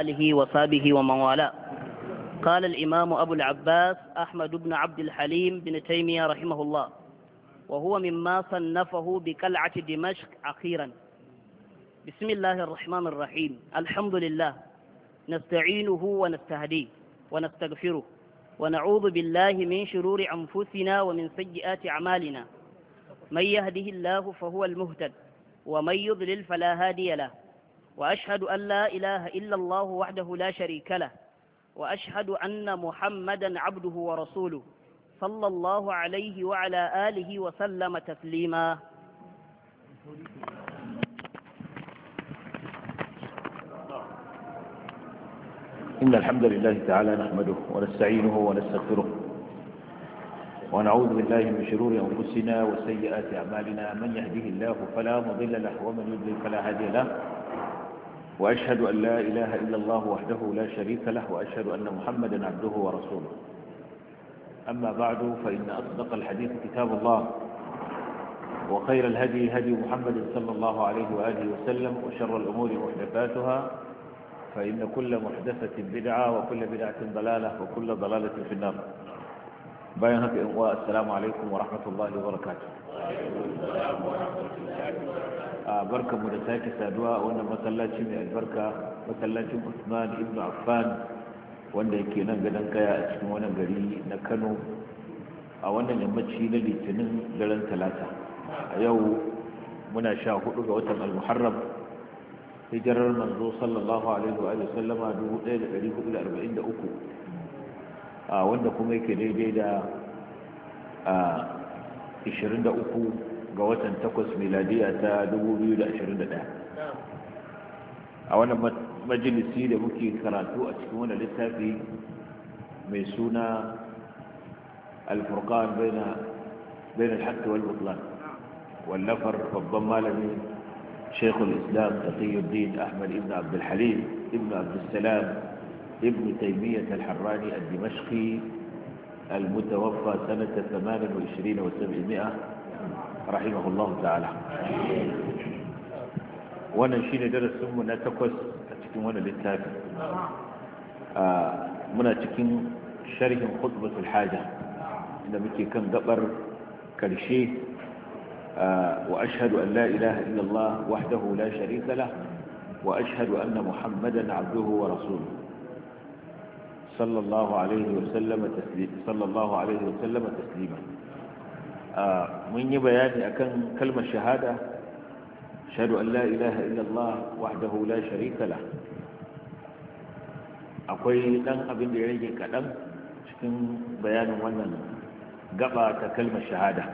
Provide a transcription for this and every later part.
آله وصحبه ومن والاه قال الإمام أبو العباس أحمد بن عبد الحليم بن تيمية رحمه الله وهو مما صنفه بقلعة دمشق أخيرا بسم الله الرحمن الرحيم الحمد لله نستعينه ونستهديه ونستغفره ونعوذ بالله من شرور أنفسنا ومن سيئات أعمالنا من يهده الله فهو المهتد ومن يضلل فلا هادي له وأشهد أن لا إله إلا الله وحده لا شريك له وأشهد أن محمدا عبده ورسوله صلى الله عليه وعلى آله وسلم تسليما إن الحمد لله تعالى نحمده ونستعينه ونستغفره ونعوذ بالله من شرور أنفسنا وسيئات أعمالنا من يهده الله فلا مضل له ومن يضلل فلا هادي له وأشهد أن لا إله إلا الله وحده لا شريك له وأشهد أن محمدا عبده ورسوله أما بعد فإن أصدق الحديث كتاب الله وخير الهدي هدي محمد صلى الله عليه وآله وسلم وشر الأمور محدثاتها فإن كل محدثة بدعة وكل بدعة ضلالة وكل ضلالة في النار بيانة إخوة السلام عليكم ورحمة الله وبركاته السلام ورحمة الله mu da sake saduwa a wannan masallaci mai albarka masallacin usman ibn affan wanda yake nan gadon kaya a cikin wani gari na kano a wannan yammaci na litinin daren talata a yau muna sha hudu ga watan almuharram hijirar manzo sallallahu alaihi wa sallama 1443 a wanda kuma yake daidai da 23 ga watan 8 miladiya ta 2021 a wannan majalisi da muke karatu a cikin wani littafi mai suna alfurkan bai na alhaƙi wani mutlan wallafar babban malami shekul islam taqiyuddin ahmad ibn abdulhalim ibn abdulsalam ibn ابن تيمية الحراني الدمشقي المتوفى سنة 28 وعشرين وسبعمائة رحمه الله تعالى وانا شيني درس منا تكوس تكين وانا للتاك منا تكين شرح خطبة الحاجة إن بكي كان قبر كالشيء وأشهد أن لا إله إلا الله وحده لا شريك له وأشهد أن محمدا عبده ورسوله صلى الله عليه وسلم تسليم صلى الله عليه وسلم تسليما mun yi bayani akan kalmar shahada shahadu an la ilaha illallah wahdahu la sharika la akwai dan abin da ya rage kaɗan cikin bayanin wannan gaba ta kalmar shahada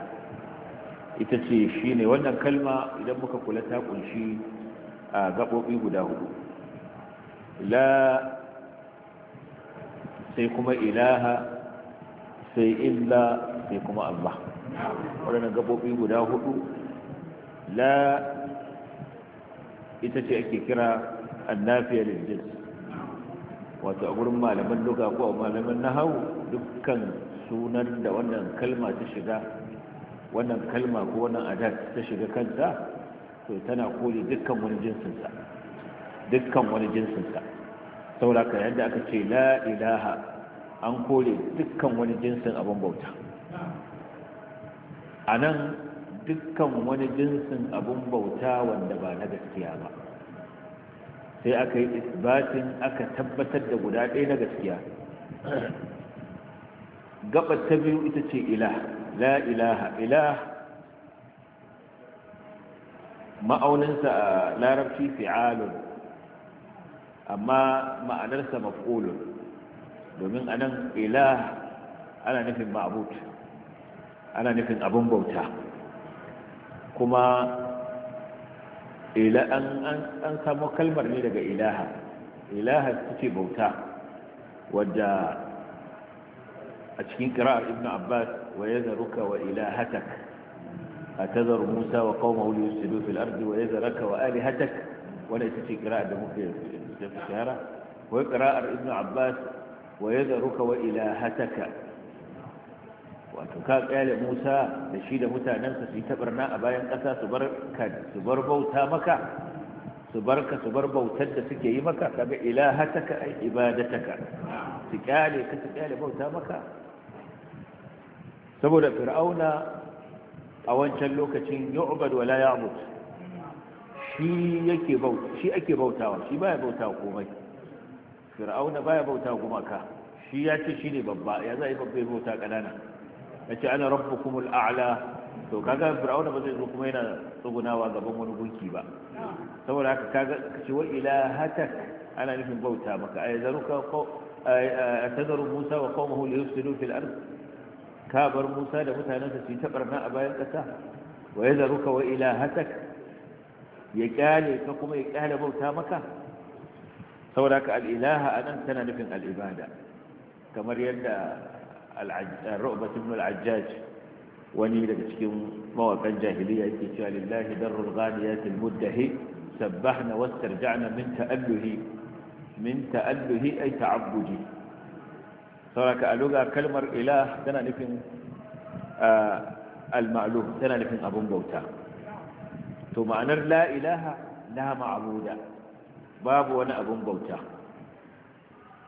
ita ce shine wannan kalma idan muka kula ta kunshi a gaɓoɓi guda hudu la sai kuma ilaha sai illa sai kuma Allah waɗannan gabobi guda hudu la ita ce ake kira annafiya lil jins wato a gurin malaman duka ko malaman nahawu dukkan sunan da wannan kalma ta shiga wannan kalma ko wannan adat ta shiga kanta to tana koli dukkan wani jinsinsa dukkan wani jinsinsa saboda ka yadda aka ce la ilaha an kore dukkan wani jinsin abin bauta a nan dukkan wani jinsin abin bauta wanda ba na gaskiya ba sai aka yi isbatin aka tabbatar da guda ɗaya na gaskiya gaba ta biyu ita ce ilah la ilaha ilah ma'auninsa a larabci fi'alun amma ma'anarsa maf'ulun domin a nan, ilah ana nufin ma'bud ana nufin abun bauta kuma an samo kalmar ne daga ilaha ilaha ce bauta wadda a cikin kira'ar ibn abbas wa ya zaruka wa ilahatak a tazar musa wa kawo mawuli yusufu fil ardi wa ya zaraka wa alihatak wadda ita ce kira'ar da muke da shahara Wai kira'ar ibn abbas wa yadruka wa ilahataka wato ka kyale Musa da shi da mutanensa su yi tabarna a bayan ƙasa su bar su bar bauta maka su bar ka su bar bautar da suke yi maka kaga ilahataka ay ibadataka su kyale ka su kyale bauta maka saboda fir'auna a wancan lokacin yu'bad wa la ya'bud shi yake bauta shi ake bautawa shi baya bautawa komai fir'auna baya bauta gumaka shi ya ce shi ne babba ya za yi babba bauta kanana ya ce ana kumul a'la to kaga fir'auna ba zai zo kuma yana tsugunawa gaban wani gunki ba saboda haka kaga ce wa ilahatak ana nufin bauta maka ay zaruka a tazaru musa wa qawmuhu li yufsidu fil ard ka bar musa da mutanensa su yi ta barna a bayan kasa wa yazaruka wa ilahatak ya kyale ka kuma ya kyale bauta maka saboda ka al'ilaha a nan tana nufin al'ibada kamar yadda al'ubat ibn al'ajjaj wani daga cikin mawakan jahiliya yake cewa lillahi darrul ghaniyatil sabah na wastarja'na min ta'alluhi min ta'alluhi ay ta'abbudi saboda a luga kalmar ilah tana nufin al-ma'lum tana nufin abun bauta to ma'anar la ilaha la ma'buda babu wani abin bauta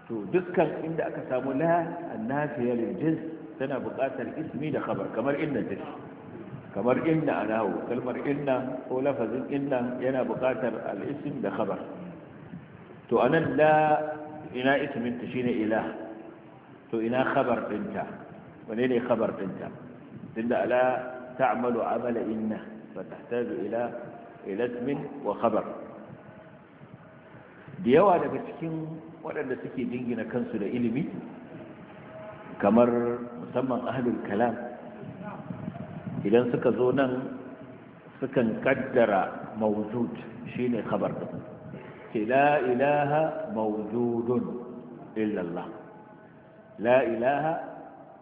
to dukkan inda aka samu la annafiya lil jins tana buƙatar ismi da khabar kamar inna take kamar inna anahu kalmar inna ko lafazin inna yana buƙatar al-ism da khabar to anan la ina ismin ta shine ilah to ina khabar dinta wane ne khabar dinta tunda ala ta'malu amala inna fa tahtaju ila ila ismin wa khabar da yawa daga cikin waɗanda suke jingina kansu da ilimi kamar musamman ahalin kalam idan suka zo nan sukan kaddara mawujud shine khabar ce la ilaha mawujudun illallah la ilaha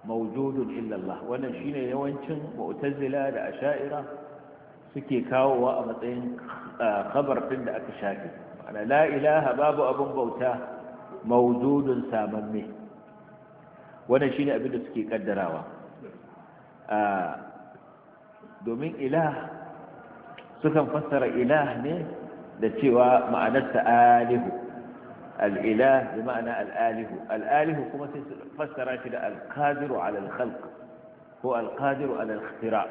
mawujudun illallah wannan shine yawancin mu'tazila da asha'ira suke kawowa a matsayin ah, khabar din da aka shafe ana la babu abin bauta mawjudun samamme wannan shine abin da suke kaddarawa domin ilah sukan fassara ilah ne da cewa ma'anarsa alihu al'ilah da ma'ana al'alihu al'alihu kuma sai su fassara shi da alkaziru alal ko alkaziru alal ikhtira'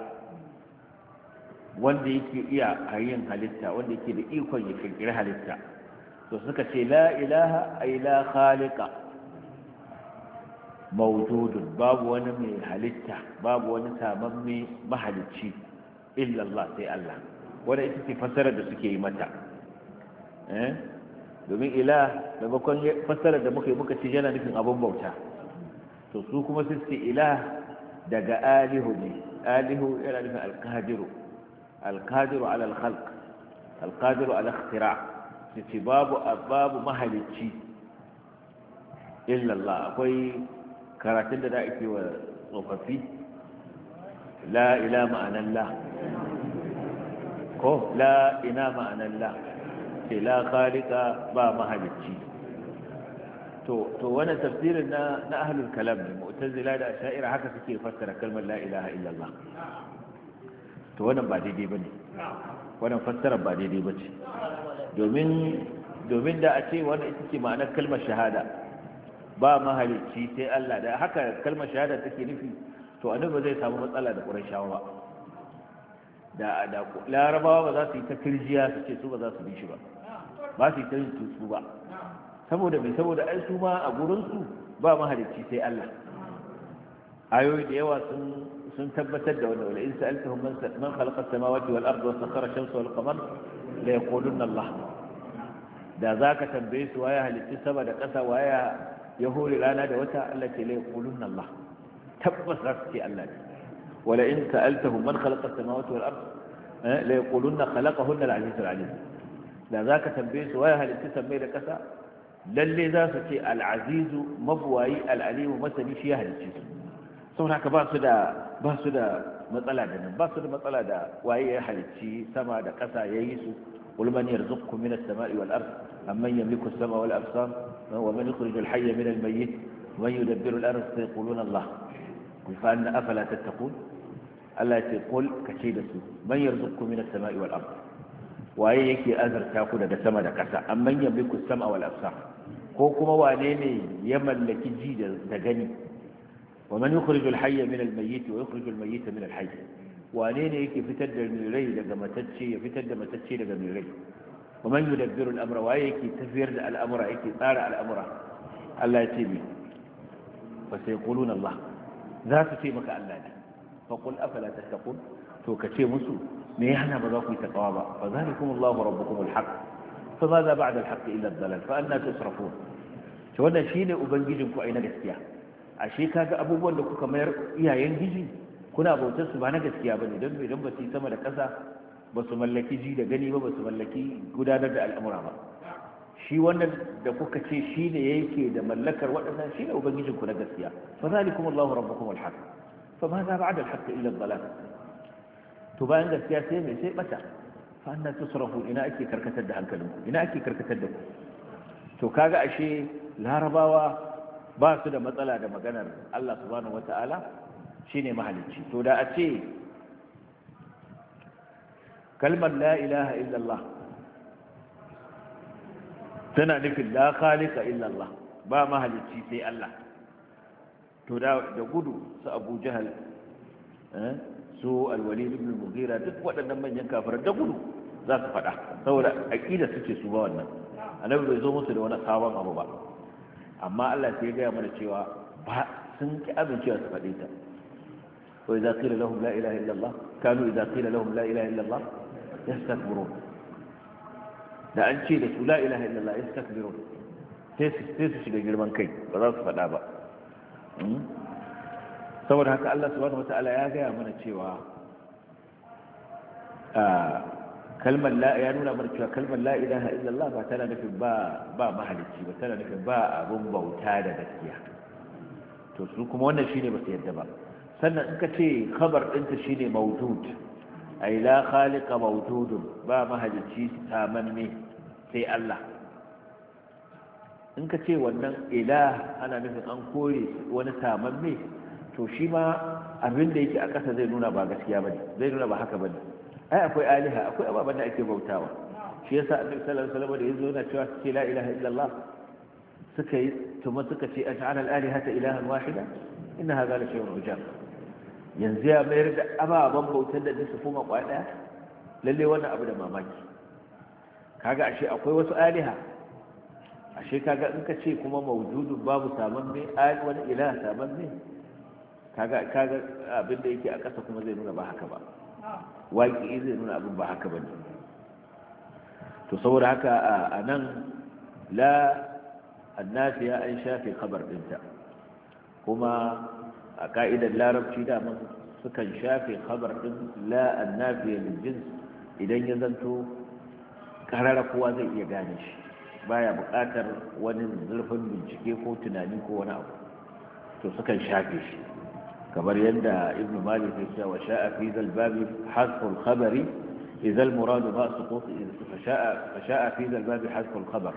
wanda yake iya yin halitta wanda yake da ikon ya kirkiri halitta to suka ce la ilaha ay la khaliqa mawjudun babu wani mai halitta babu wani saman mai mahalicci illa Allah sai Allah wanda ita ce fasara da suke yi mata eh domin ilah da bakon fasara da muka yi muka ce yana nufin abun bauta to su kuma su ce ilah daga alihu ne alihu yana nufin alqadiru alkadiru alal khalq alkadiru ala ikhtira yace babu babu mahalicci illallah akwai karatun da da ake wa tsofaffi la ila ma'anallah ko la ina ma'anallah ce la ba mahalicci to wannan tafsirin na na ahlul kalam ne mu'tazila da sha'ira haka kake fassara kalmar la ilaha illallah to wannan ba daidai ba ne wannan fassara ba daidai ba ce domin da a ce wannan ita ce ma'anar kalmar shahada ba mahalicci sai Allah da haka kalmar shahada take nufi to annabi zai samu matsala da ƙurashawa ba da da larabawa ba za su yi ta kirjiya su ce su ba za su bi shi ba ba su yi ta yin tutsu ba saboda mai saboda ai su ma a su ba mahalicci sai Allah ayoyi da yawa sun tabbatar da wani in sa'altahum man man khalaqa as-samawati wal ardi wa sakhara ash-shamsa wal qamara la yaquluna Allah da zaka tambaye su waya halitta sama da ƙasa waya ya hore rana da wata Allah ce la yaquluna Allah tabbas za su Allah ne wala in sa'altahum man khalaqa as-samawati wal ardi la yaquluna khalaqahunna al-'aziz al-'alim da zaka tambaye su waya halitta sama da ƙasa lalle za su ce al-'aziz mabwayi al-'alim masani shi ya halicce su saboda haka ba su da da matsala da nan ba su da matsala da waye ya halicci sama da ƙasa ya yi su قل من يرزقكم من السماء والأرض أمن يملك السماء والأبصار ومن يخرج الحي من الميت ومن يدبر الأرض Allah الله قل فأن أفلا تتقون ألا تقول كشيدة من يرزقكم من السماء والأرض waye yake azarta ku daga sama da ƙasa amman yamliku sama wal absar ko kuma wane ne ya mallaki ji da gani wa man yukhrij al-hayya min al-mayyit wa yukhrij al-mayyita min al-hayy wane ne yake fitar da mai rai daga matacce ya fitar da matacce daga mai rai wa man yudabbiru al-amra wa yake tafiyar da al'amura yake tsara al'amura Allah ya ce bi fa sai quluna Allah za su ce maka Allah ne fa qul afala tattaqun to ka ce musu ba za ku ba illa shine ai na gaskiya ashe kaga abubuwan da kuka mayar iyayen giji kuna bautar su ba na gaskiya bane don idan ba su yi sama da ƙasa ba su mallaki ji da gani ba ba su mallaki gudanar da al'amura ba shi wannan da kuka ce shi ne yake da mallakar waɗannan shi ne ubangijin ku na gaskiya fa zalikum Allahu rabbukum al-haq fa ma za ba'da al-haq illa ad to bayan gaskiya sai me sai bata fa anna tusrafu ina ake karkatar da hankalinku ina ake karkatar da ku to kaga ashe larabawa ba su da matsala da maganar Allah subhanahu wata'ala shine mahalicci to da a ce kalmar la ilaha illallah tana nufin la khalika illallah ba mahalicci sai Allah to da gudu su Abu Jahal eh, su Al-Walid ibn Mughira duk waɗannan manyan kafar, da gudu za su faɗa saboda aƙida suke su ba wannan nan bai zo musu da wani sabon abu ba amma Allah sai ya gaya mana cewa ba sun ki amincewa su faɗe ta wa idza qila lahum la ilaha illa Allah kanu idza qila lahum la ilaha illa Allah yastakbirun da an ce da su la ilaha illa Allah yastakbirun sai su shiga girman kai ba za su faɗa ba hmm? saboda haka Allah subhanahu wataala ya gaya mana cewa ah, kalmar la ya nuna mana cewa kalmar la ilaha illallah ba tana nufin ba ba mahalicci ba tana nufin ba abun bauta da gaskiya to su kuma wannan shine ba su yadda ba sannan in ka ce khabar ɗinta shine mawdud ay la khaliqa mawdudun ba mahalicci samanne sai Allah in ka ce wannan ilah ana nufin an kore wani samanne to shi ma abin da yake a ƙasa zai nuna ba gaskiya bane zai nuna ba haka bane ai akwai aliha akwai ababen da ake bautawa shi ya sa abin alaihi wasallam da yazo yana cewa suke la ilaha illallah suka yi tuma suka ce a aj'al al alihata ilahan wahida ina hadha la shay'un ujab yanzu ya mayar da ababen bautar da su kuma kwaya lalle wannan abu da mamaki kaga ashe akwai wasu aliha ashe kaga in ka ce kuma mawjudun babu saman me ayi wani ilaha saman me kaga kaga abin da yake a ƙasa kuma zai nuna ba haka ba waƙi zai nuna abin ba haka bane to saboda haka a nan la ya an shafe kabar ɗinta kuma a ka'idar larabci daman sukan shafe kabar ɗin la ya jins idan ya zanto karara kowa zai iya gane shi baya buƙatar wani zurfin bincike ko tunani ko wani abu to sukan shafe shi kamar yadda ibn malik ya ce wa sha'a fi zal babi hasful khabari idza muradu ba suqut fa sha'a fa sha'a fi zal babi hasful khabar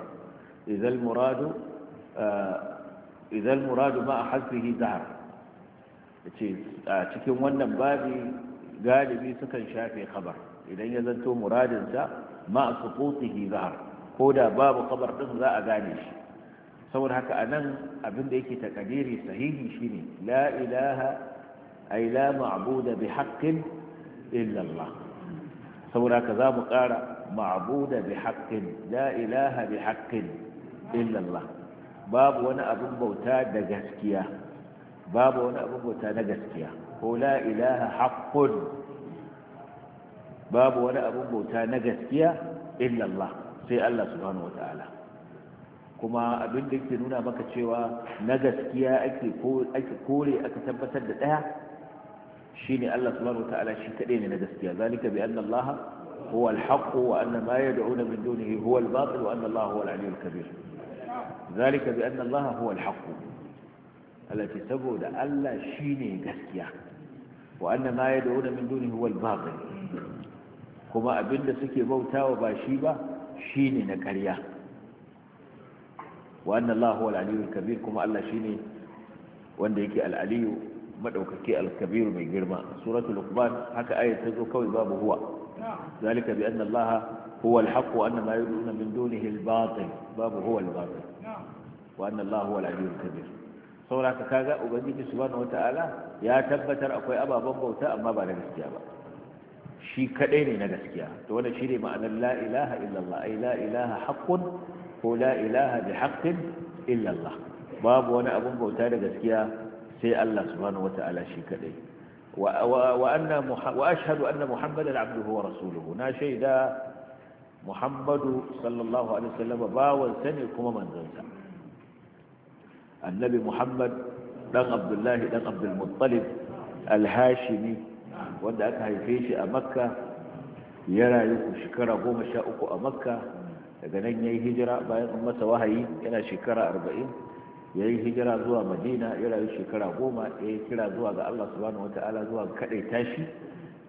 idza muradu eh, idza al muradu ma hasbihi zahar ce a cikin wannan babi galibi sukan shafe khabar idan ya zanto muradinsa ma a suqutihi zahar ko da babu khabar din za a gane shi saboda haka anan abin da yake takadiri sahihi shine la ilaha أي لا معبود بحق إلا الله سورة كذا مقارا معبود بحق لا إله بحق إلا الله باب وانا أبو بوتا دجسكيا باب وانا أبو بوتا دجسكيا هو لا إله حق باب وانا أبو بوتا نجسكيا إلا الله سي الله سبحانه وتعالى kuma abin da yake nuna maka cewa na gaskiya ake kore aka tabbatar da ɗaya shine Allah subhanahu wataala shi kadai ne na gaskiya zalika bi anna Allah huwa al-haq wa anna ma yad'una min dunihi huwa al-batil wa anna Allah huwa al-'aliyyul kabir zalika bi anna Allah huwa al-haq Allah ce saboda Allah shine gaskiya wa anna ma yad'una min dunihi huwa al-batil kuma abinda suke bautawa ba shi ba shine na ƙarya wa anna Allah huwa al-'aliyyul kabir kuma Allah shine wanda yake al-'aliyyu madaukaki alkabiru mai girma suratul luqman haka ayat ta zo kawai babu huwa zalika bi anna allaha huwa alhaq wa anna ma yad'una min dunihi albatil babu huwa albatil wa anna allaha huwa alaliyyul kabir saboda kaga ubangiji subhanahu wataala ya tabbatar akwai ababen bauta amma ba na gaskiya ba shi kadai ne na gaskiya to wannan shine ma'anar la ilaha illallah ai la ilaha haqqun ko la ilaha bi haqqin illallah babu wani abun bauta da gaskiya sai Allah subhanahu wata'ala shi kadai wa ashhadu anna muhammadan abduhu wa rasuluhu na shaida muhammadu sallallahu alaihi wasallam bawan sani kuma manzonsa annabi muhammad dan abdullahi dan abdul muttalib al-hashimi wanda aka haife shi a makka ya rayu shekara goma sha uku a makka daga nan ya yi hijira bayan masa wahayi yana shekara arba'in ya yi hijira zuwa madina ya rayu shekara goma ya yi kira zuwa ga allah subhanahu wa ta'ala zuwa kaɗai tashi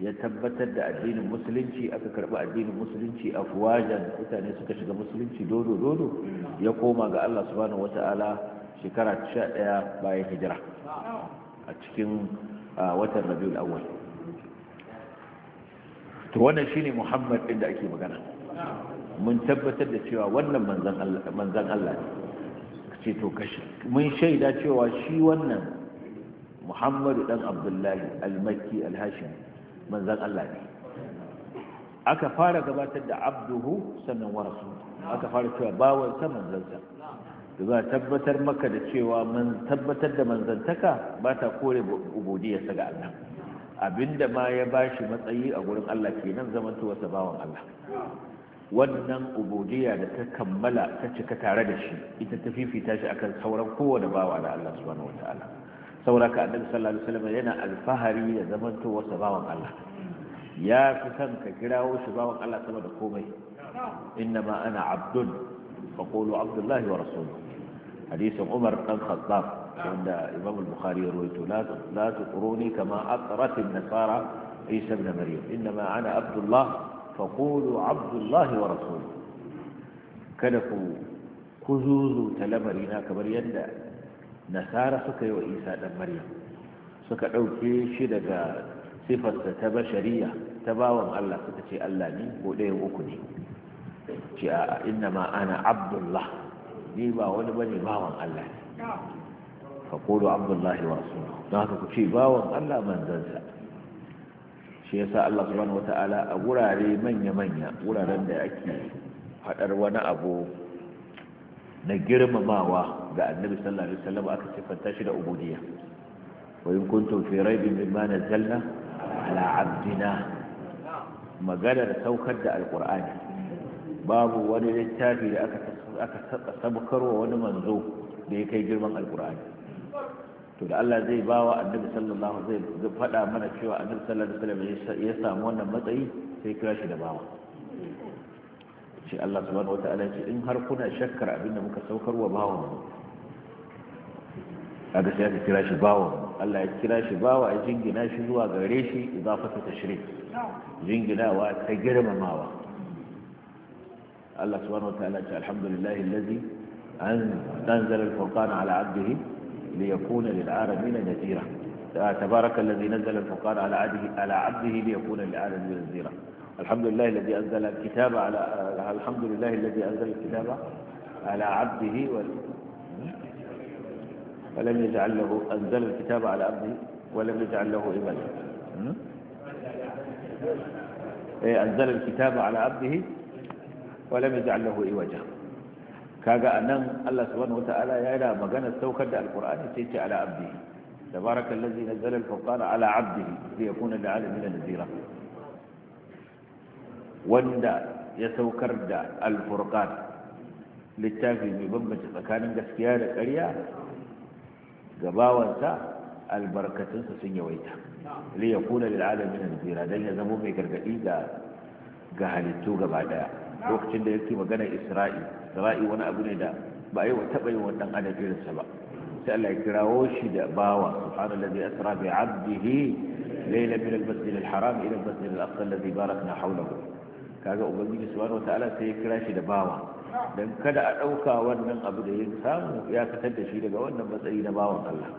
ya tabbatar da addinin musulunci aka karɓi addinin musulunci a fuwajen mutane suka shiga musulunci dodo dodo ya koma ga allah subhanahu wa ta'ala shekara sha ɗaya bayan hijira a cikin watan rabiul awwal to wannan shine muhammad ɗin da ake magana mun tabbatar da cewa wannan manzan allah ne ce to mun shaida cewa shi wannan muhammadu dan abdullahi almakki alhashim manzan allah ne aka fara gabatar da abduhu sannan warasu aka fara cewa bawansa manzansa da za tabbatar maka da cewa man tabbatar da manzantaka ba ta kore ubudiyarsa ga allah abinda ma ya bashi matsayi a gurin allah kenan zamantowarsa bawan allah wannan ubudiyya da ta kammala ta cika tare da shi ita ta fifita shi akan sauran kowane bawa da Allah subhanahu wataala sauraka annabi sallallahu alaihi wasallam yana alfahari da zamanto wasa bawan Allah ya fi san ka kirawo shi bawan Allah sama da komai inna ma ana abdun faqulu abdullahi wa rasuluhu hadisin umar dan khattab wanda imam al-bukhari ya rawaito la tuquruni kama aqrat an-nasara isa ibn maryam inna ma ana abdullah faƙulu abdullahi wa rasulu kada ku kuzuzu ta lamari na kamar yadda nasara suka yi wa isa ɗan maryam suka ɗauke shi daga sifarsa ta bashariya ta bawan allah suka ce allah ne ko ɗaya uku ne ce a inna ma ana abdullah ni ba wani bane bawan allah ne faƙulu abdullahi wa rasulu don haka ku ce bawan allah manzansa shi yasa Allah subhanahu ta'ala a wurare manya-manya wuraren da ake faɗar wani abu na girmamawa ga annabi sallallahu alaihi wasallam aka sifanta shi da ubudiyya wa in kuntum fi raibin mimma nazzalna ala abdina maganar saukar da alqur'ani babu wani littafi da aka aka sabkarwa wani manzo da ya kai girman alqur'ani to da Allah zai ba wa annabi sallallahu alaihi wasallam zai faɗa mana cewa annabi sallallahu alaihi wasallam ya samu wannan matsayi sai kira shi da bawa shi Allah subhanahu wataala ce in har kuna shakkar abin da muka saukar wa bawa. mu kaga sai aka kira shi bawa. Allah ya kira shi bawa ya jingina shi zuwa gare shi idafatu tashrik jinginawa ta girmamawa Allah subhanahu wataala ce alhamdulillahi allazi أنزل الفرقان على عبده ليكون للعالمين نذيرا آه، تبارك الذي نزل الفقار على عبده على عبده ليكون للعالمين نذيرا الحمد لله الذي انزل الكتاب على آه، الحمد لله الذي انزل الكتاب على عبده ولم يجعل له انزل الكتاب على عبده ولم يجعل له ابدا إيه انزل الكتاب على عبده ولم يجعل له عوجا kaga anan Allah subhanahu wata'ala ya da magana saukar da alqur'ani sai ce ala abdi tabarakallazi nazzala alfurqana ala da liyakuna lil'alamin nadhira wanda ya saukar da alfurqan littafi mai bambance tsakanin gaskiya da ƙarya ga bawansa albarkatunsa sun yawaita liyakuna lil'alamin nadhira dan ya zama mai gargaɗi ga ga halittu gaba ɗaya. lokacin da yake magana isra'i isra'i wani abu ne da ba yi wa taɓa yin wannan adam sa ba sai Allah ya kirawo shi da bawa subhanallazi asra bi 'abdihi layla min al-masjid al-haram ila al-masjid al-aqsa alladhi barakna hawlahu kaga ubangiji subhanahu wataala sai ya kira shi da bawa dan kada a dauka wannan abu da yin samu ya fitar da shi daga wannan matsayi na bawan Allah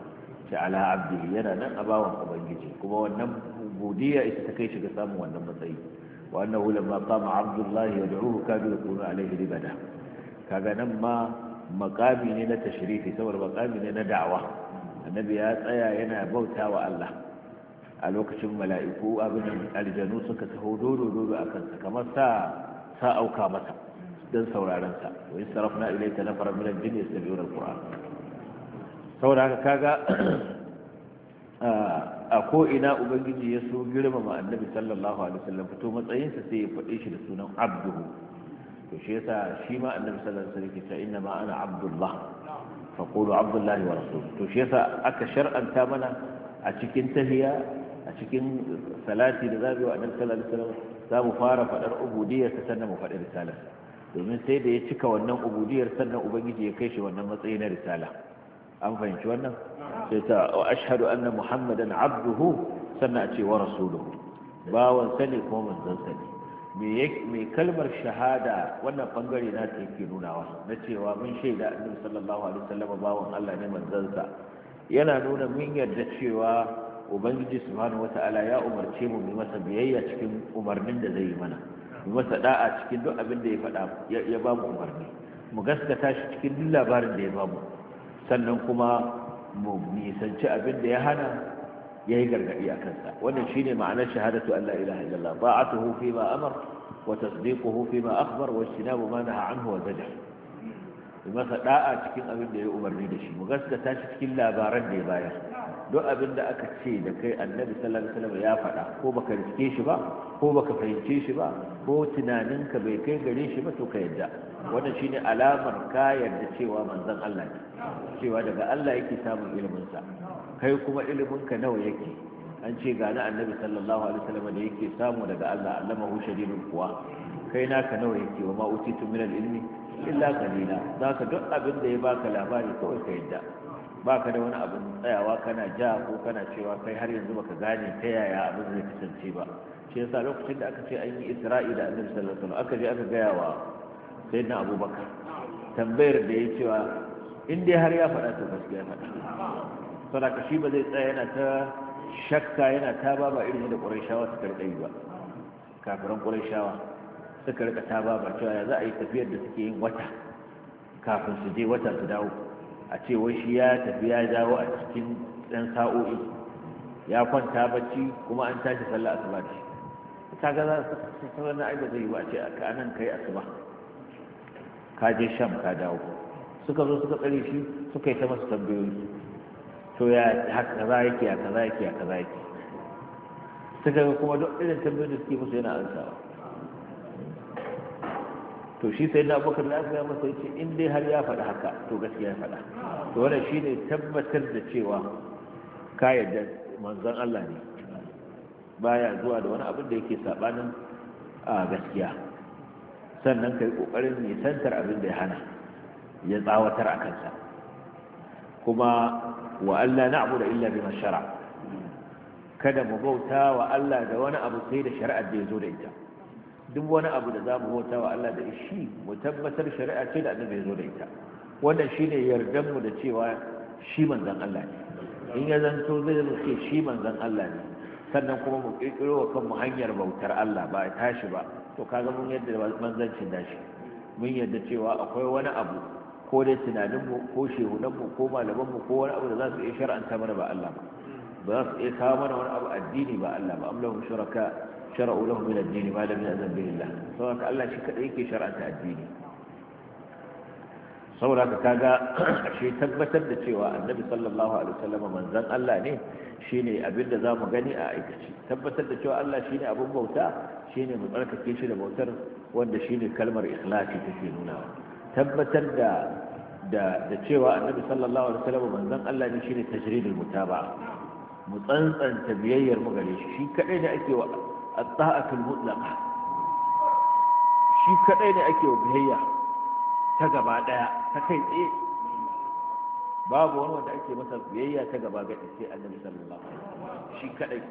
ta ala 'abdihi yana nan a bawan ubangiji kuma wannan budiya ita ta kai shi ga samun wannan matsayi وأنه لما قام عبد الله يدعوه كانوا يكون عليه لبدا كذا نما مقامي لنا تشريفي سوى مقامي لنا دعوة النبي يا هنا بوتا والله a lokacin mala'iku abin aljanu suka taho dodo-dodo a kansa kamar sa auka masa don saurarensa wani sarrafa na ilaita na faramilin jini ya sabi wurin ƙura kaga a ko ina ubangiji ya so girmama annabi sallallahu alaihi wasallam fito matsayinsa sai ya faɗe shi da sunan abduhu to shi yasa shi ma annabi sallallahu alaihi wasallam yake inna ma ana abdullah fa qulu abdullahi wa rasul to shi yasa aka shar'anta mana a cikin tahiya a cikin salati da zabi wa annabi sallallahu alaihi wasallam za mu fara faɗar ubudiyyar ta sannan mu faɗi risala domin sai da ya cika wannan ubudiyyar sannan ubangiji ya kai shi wannan matsayi na risala an fahimci wannan sai ta wa ashhadu anna muhammadan abduhu sannan a ce wa rasuluhu bawan sani ko manzon sani me kalmar shahada wannan bangare na ta yake nunawa na cewa mun shaida annabi sallallahu alaihi wasallam bawan Allah ne manzon sa yana nuna mun yarda cewa ubangiji subhanahu wataala ya umarce mu mu masa biyayya cikin umarnin da zai yi mana mu masa da'a cikin duk abin da ya faɗa ya ba mu umarni mu gaskata shi cikin duk labarin da ya ba mu sannan kuma mu nisanci abin da ya hana ya yi gargaɗi a kansa wannan shi ne ma'anar shahadatu Allah ilaha illallah ba'atuhu fi ma amar wa tasdiquhu fi ma akhbar wa istinabu ma naha anhu wa zajar masa da'a cikin abin da ya umarni da shi mu gaskata shi cikin labaran da ya bayar Don abin da aka ce da kai annabi sallallahu alaihi ya faɗa ko baka rike shi ba ko baka fahimce shi ba ko tunaninka bai kai gare shi ba to ka yadda wannan shine alamar ka yarda cewa manzon Allah ne cewa daga Allah yake samun ilimin sa kai kuma ilimin ka nawa yake an ce ga na annabi sallallahu alaihi wasallam da yake samu daga Allah allamahu shadidul kuwa, kai naka nawa yake wa ma utitu min al-ilmi illa qalila zaka duk abin da ya baka labari kawai ka yadda ba ka da wani abin tsayawa kana ja ko kana cewa kai har yanzu baka gane ta yaya abin zai kasance ba shi yasa lokacin da aka ce an yi isra'i da annabi sallallahu alaihi aka je aka gaya wa sayyidina abubakar tambayar da ya cewa in dai har ya faɗa to gaskiya faɗa saboda shi ba zai tsaya yana ta shakka yana ta ba ba irin da qurayshawa suka rika yi ba kafiran qurayshawa suka rika ta ba ba cewa ya za a yi tafiyar da suke yin wata kafin su je wata su dawo a ce wai shi ya tafi ya dawo a cikin ɗan sa'o'i ya kwanta bacci kuma an tashi sallah asuba ce ta ga za su sauran na aiba zai yi ba ce a nan kai asuba ka je sham ka dawo suka zo suka tsare shi suka yi ta masu tambayoyi to ya za yake ya kaza yake a kaza yake suka ga kuma duk irin tambayoyin da suke musu yana ansawa to shi sai na abokan da aka masa ya ce in dai har ya faɗa haka to gaskiya ya faɗa to shi ne tabbatar da cewa ka yarda manzon Allah ne baya zuwa da wani abin da yake sabanin a gaskiya sannan ka yi ƙoƙarin nisantar abin da ya hana ya tsawatar a kansa kuma wa Allah da illa bi mashara. kada mu bauta wa Allah da wani abu sai da shari'ar da ya zo da ita duk wani abu da za mu bauta wa Allah da shi mu tabbatar shari'a ce da annabi ya zo da ita wannan shine yardan mu da cewa shi manzon Allah ne in ya zanto zai zama ce shi manzon Allah ne sannan kuma mu kirkiro wa kanmu hanyar bautar Allah ba tashi ba to kaga mun yadda manzancin dashi mun yadda cewa akwai wani abu ko dai tunaninmu ko shehunanmu ko malamanmu ko wani abu da za su iya shar'anta mana ba Allah ba ba za su iya kawo mana wani abu addini ba Allah ba amlahum shuraka shara'u lahu min ad-din ma lam ya'zan bihi Allah saboda Allah shi kadai yake shar'anta addini saboda ka kaga shi tabbatar da cewa annabi sallallahu alaihi wasallam manzon Allah ne shine abinda zamu gani a aikace tabbatar da cewa Allah shine abin bauta shine mu barkake shi da bautar wanda shine kalmar ikhlasi take nuna tabbatar da da da cewa annabi sallallahu alaihi wasallam manzon Allah ne shine tajridul mutaba mu tsantsanta biyayyar mu gare shi shi kadai ne ake wa at-ta'atul mutlaqa shi kadai ne ake biyayya ta gaba daya ta kai tsaye babu wani wanda ake masa biyayya ta gaba ga sai annabi sallallahu alaihi wasallam shi kadai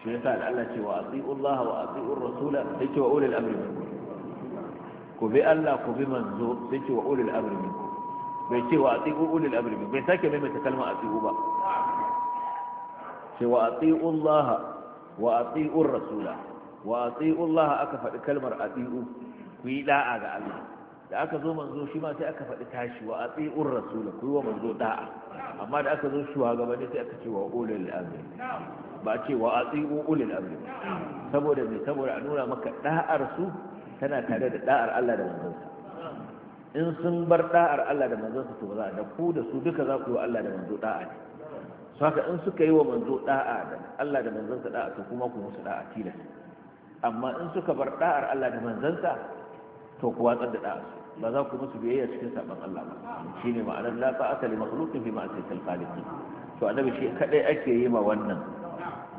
shi yasa da Allah cewa atiiu Allah wa atiiu ar-rasula yake wa ulil amri minkum ku bi Allah ku bi manzo Sai wa ulil amri minkum bai ce wa atiiu ulil amri bai sake mai ta kalma atiiu ba Sai atiiu Allah wa ati'ur rasula wa ati'u aka faɗi kalmar ati'u ku yi da'a ga Allah da aka zo manzo shi ma sai aka faɗi tashi wa ati'ur rasula ku yi wa manzo da'a amma da aka zo shugabanni sai aka ce wa ulul amri ba ce wa ati'u ulil amri saboda me saboda a nuna maka da'ar su tana tare da da'ar Allah da manzonsa in sun bar da'ar Allah da manzonsa to ba za da ku da su duka za ku yi Allah da manzo da'a ne saka in suka yi wa manzo da'a da Allah da manzansa da'a to kuma ku musu da'a tilas amma in suka bar da'ar Allah da manzansa to ku watsar da da'a ba za ku musu biyayya cikin saban Allah ba shine ma'anar la ta'ata li makhluqin fi ma'siyati al-khaliqi to annabi shi kadai ake yi ma wannan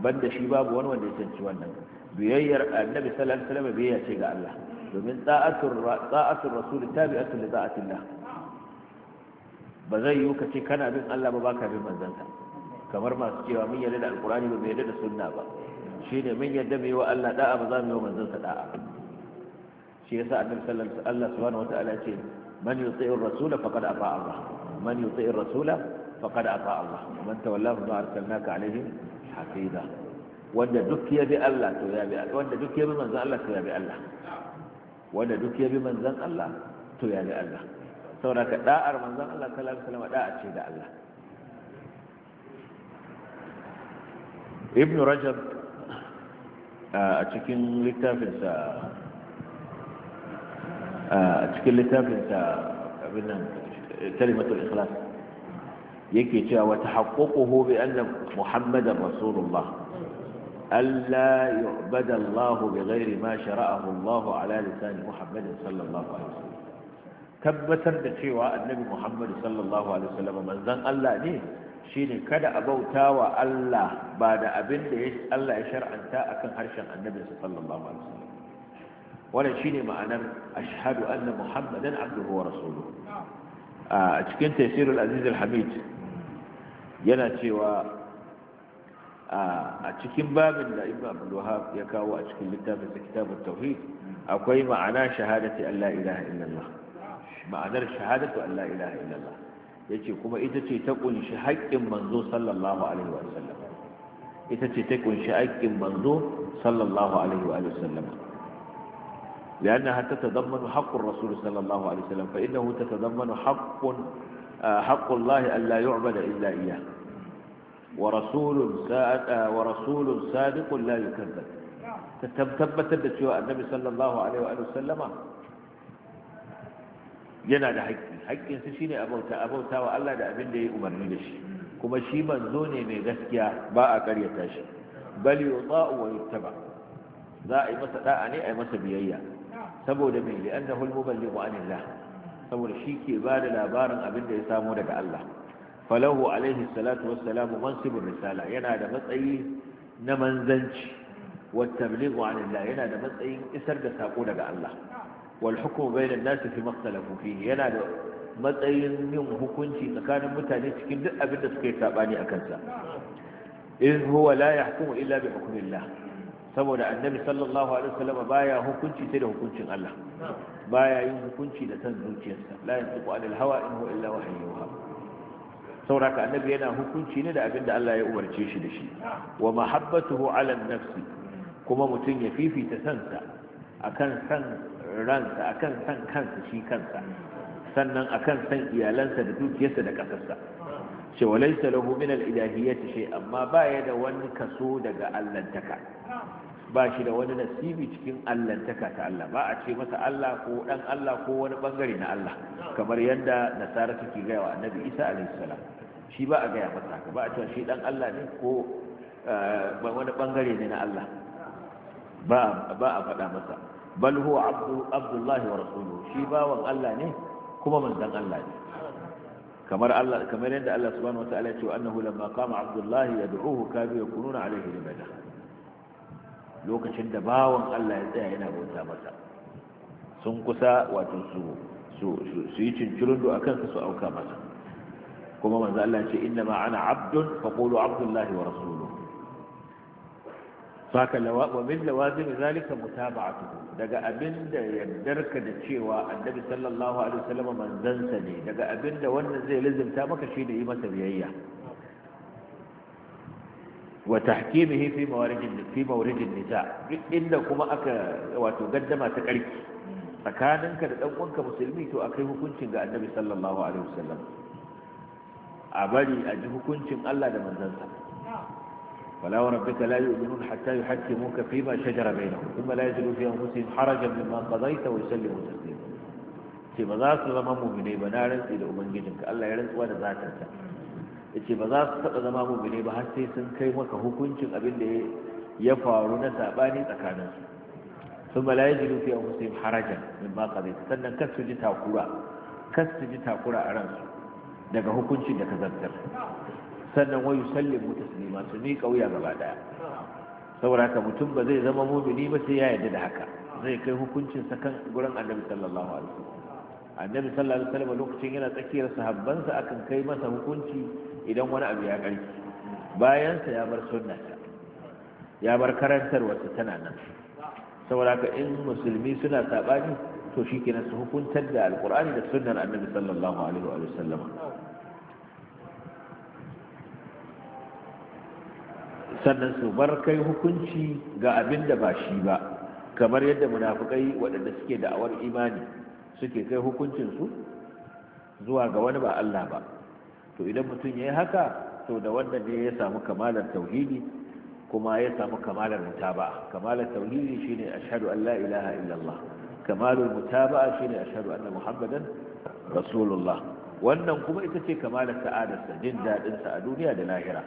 banda shi babu wani wanda ya canci wannan biyayyar annabi sallallahu alaihi wasallam biyayya ce ga Allah domin ta'atul ta'atul rasul tabi'atul li ta'atillah ba zai yi ka ce kana bin Allah ba baka bin manzansa kamar masu cewa mun yarda da alkurani ba mu yarda da sunna ba shine mun yarda mu yi wa Allah da'a ba za mu yi wa manzon sa da'a shi yasa annabi sallallahu alaihi wasallam subhanahu wataala ya ce man yuti'ir rasul faqad ata Allah man yuti'ir rasul faqad ata Allah man tawallahu ma arsalnaka alaihim hafiza wanda duk ya bi Allah to ya bi Allah wanda duk ya bi manzon Allah to ya bi Allah wanda duk ya bi manzon Allah to ya bi Allah saboda ka da'ar manzon Allah sallallahu alaihi wasallam da'a ce da Allah ibn rajab a cikin littafinsa a cikin littafinsa abinan kalimatul ikhlas yake cewa wata haƙoƙo bi annan muhammadan rasulullah ألا يعبد الله بغير ما شرعه الله على لسان محمد صلى الله عليه وسلم تبتر da cewa annabi Muhammad sallallahu alaihi wasallam manzon Allah ne shine kada a bauta wa Allah ba da abin da Allah ya shar'anta akan harshen annabinsa sallallahu alaihi wasallam wannan shine ma'anar ashhadu anna muhammadan abduhu wa rasuluhu a cikin tafsirul aziz al-hamid yana cewa a cikin babin da ibn abdul ya kawo a cikin littafin sa kitabut tauhid akwai ma'ana shahadati an la ilaha illallah ma'anar shahadatu an la ilaha illallah yace kuma ita ce ta kunshi haƙƙin manzo sallallahu alaihi wa sallam ita ce ta kunshi haƙƙin manzo sallallahu alaihi wa sallam sallallahu alaihi wa الرسول صلى الله عليه وسلم فإنه تتضمن حق حق الله ألا يعبد إلا إياه ورسول ورسول صادق لا يكذب tabbatar da cewa annabi sallallahu alaihi wa sallama yana da haƙƙi Hakkin su shine abauta wa Allah da abin da ya umarni da shi kuma shi manzo ne mai gaskiya ba a karyata shi bal yuta'u wa yuttaba za a yi masa ɗa'a ne a yi masa biyayya saboda me li'annahu al-muballighu anillah saboda shi ke ba da labarin abin da ya samo daga Allah falahu alaihi salatu wassalamu mansibur risala yana da matsayi na manzanci والتبليغ عن الله ينا matsayin isar da sako daga Allah wal hukmu bainan nas fi makhtalafu fihi yana da matsayin yin hukunci tsakanin mutane cikin duk abin da suka yi saɓani a kansa in huwa la yahkumu illa bi hukmillah saboda annabi sallallahu alaihi wasallam baya hukunci sai da hukuncin Allah baya yin hukunci da san zuciyarsa la yantiqu anil hawa in huwa illa wahyu yuha saboda ka annabi yana hukunci ne da abin da Allah ya umarce shi da shi wa mahabbatuhu ala nafsi kuma mutum ya fifita sansa akan san ransa akan san kansa shi kansa sannan akan san iyalansa da dukiyarsa da ƙasarsa ce walaisa lahu min al-ilahiyyati shay amma baya da wani kaso daga allantaka ba shi da wani nasibi cikin allantaka ta Allah ba a ce masa Allah ko dan Allah ko wani bangare na Allah kamar yadda nasara suke gaya wa annabi Isa alaihi salam shi ba a gaya masa ba a cewa shi dan Allah ne ko eh, wani bangare ne na Allah ba ba a faɗa masa bal huwa abdu abdullahi wa rasuluhu shi bawan Allah ne kuma manzon Allah ne kamar Allah kamar yadda Allah subhanahu wataala ya ce annahu lamma qama abdullahi yad'uhu kadu yakununa alayhi libada lokacin da bawan Allah ya tsaya yana bauta masa sun kusa wato su su su yi cincirindo akan su auka masa kuma manzo Allah ya ce inna ma ana abdun faqulu abdullahi wa rasuluhu saka wa min lawazim daga abinda da cewa annabi sallallahu alaihi wasallam manzansa ne daga abinda wannan zai lazimta maka shi da yi masa biyayya wa fi mawaridin fi mawridin nisa inda kuma aka wato gaddama ta karki tsakaninka da dan uwanka musulmi to akai hukuncin ga annabi sallallahu alaihi wasallam a ji hukuncin Allah da manzansa ولا وربك لا يؤمنون حتى يحكموك فيما شجر بينهم ثم لا يجدوا في انفسهم حرجا مما قضيت ويسلموا تسليما ce ba za su zama mumine ba na rantsi da ubangijinka Allah ya rantsuwa da zatarsa yace ba za su taba zama mumine ba har sai sun kai maka hukuncin abin da ya faru na sabani tsakanin su sun ba la yajidu a anfusihim harajan min ma qadayta sannan kas su ji takura kas su ji takura a ransu daga hukuncin da ka zartar sannan wayu sallin mutaslima su ni kauya gaba daya saboda haka mutum ba zai zama mumini ba sai ya yarda da haka zai kai hukuncin sa kan gurin annabi sallallahu alaihi wasallam annabi sallallahu alaihi wasallam lokacin yana tsakiyar sahabbansa akan kai masa hukunci idan wani abu ya karki Bayansa ya bar sunna ya bar karantarwar ta tana nan saboda haka in musulmi suna saɓani, to shi shikenan su hukuntar da alqur'ani da sunnar annabi sallallahu alaihi wasallam sannan su bar kai hukunci ga abin da ba shi ba kamar yadda munafukai waɗanda suke da'awar imani suke kai hukuncinsu zuwa ga wani ba Allah ba to idan mutum ya yi haka to da wanda ne ya samu kamalar tauhidi kuma ya samu kamalar mutaba'a kamalar tauhidi shine ashhadu an la ilaha illallah kamalul mutaba'a shine ashhadu anna muhammadan rasulullah wannan kuma ita ce kamalar sa'adarsa jin daɗinsa a duniya da lahira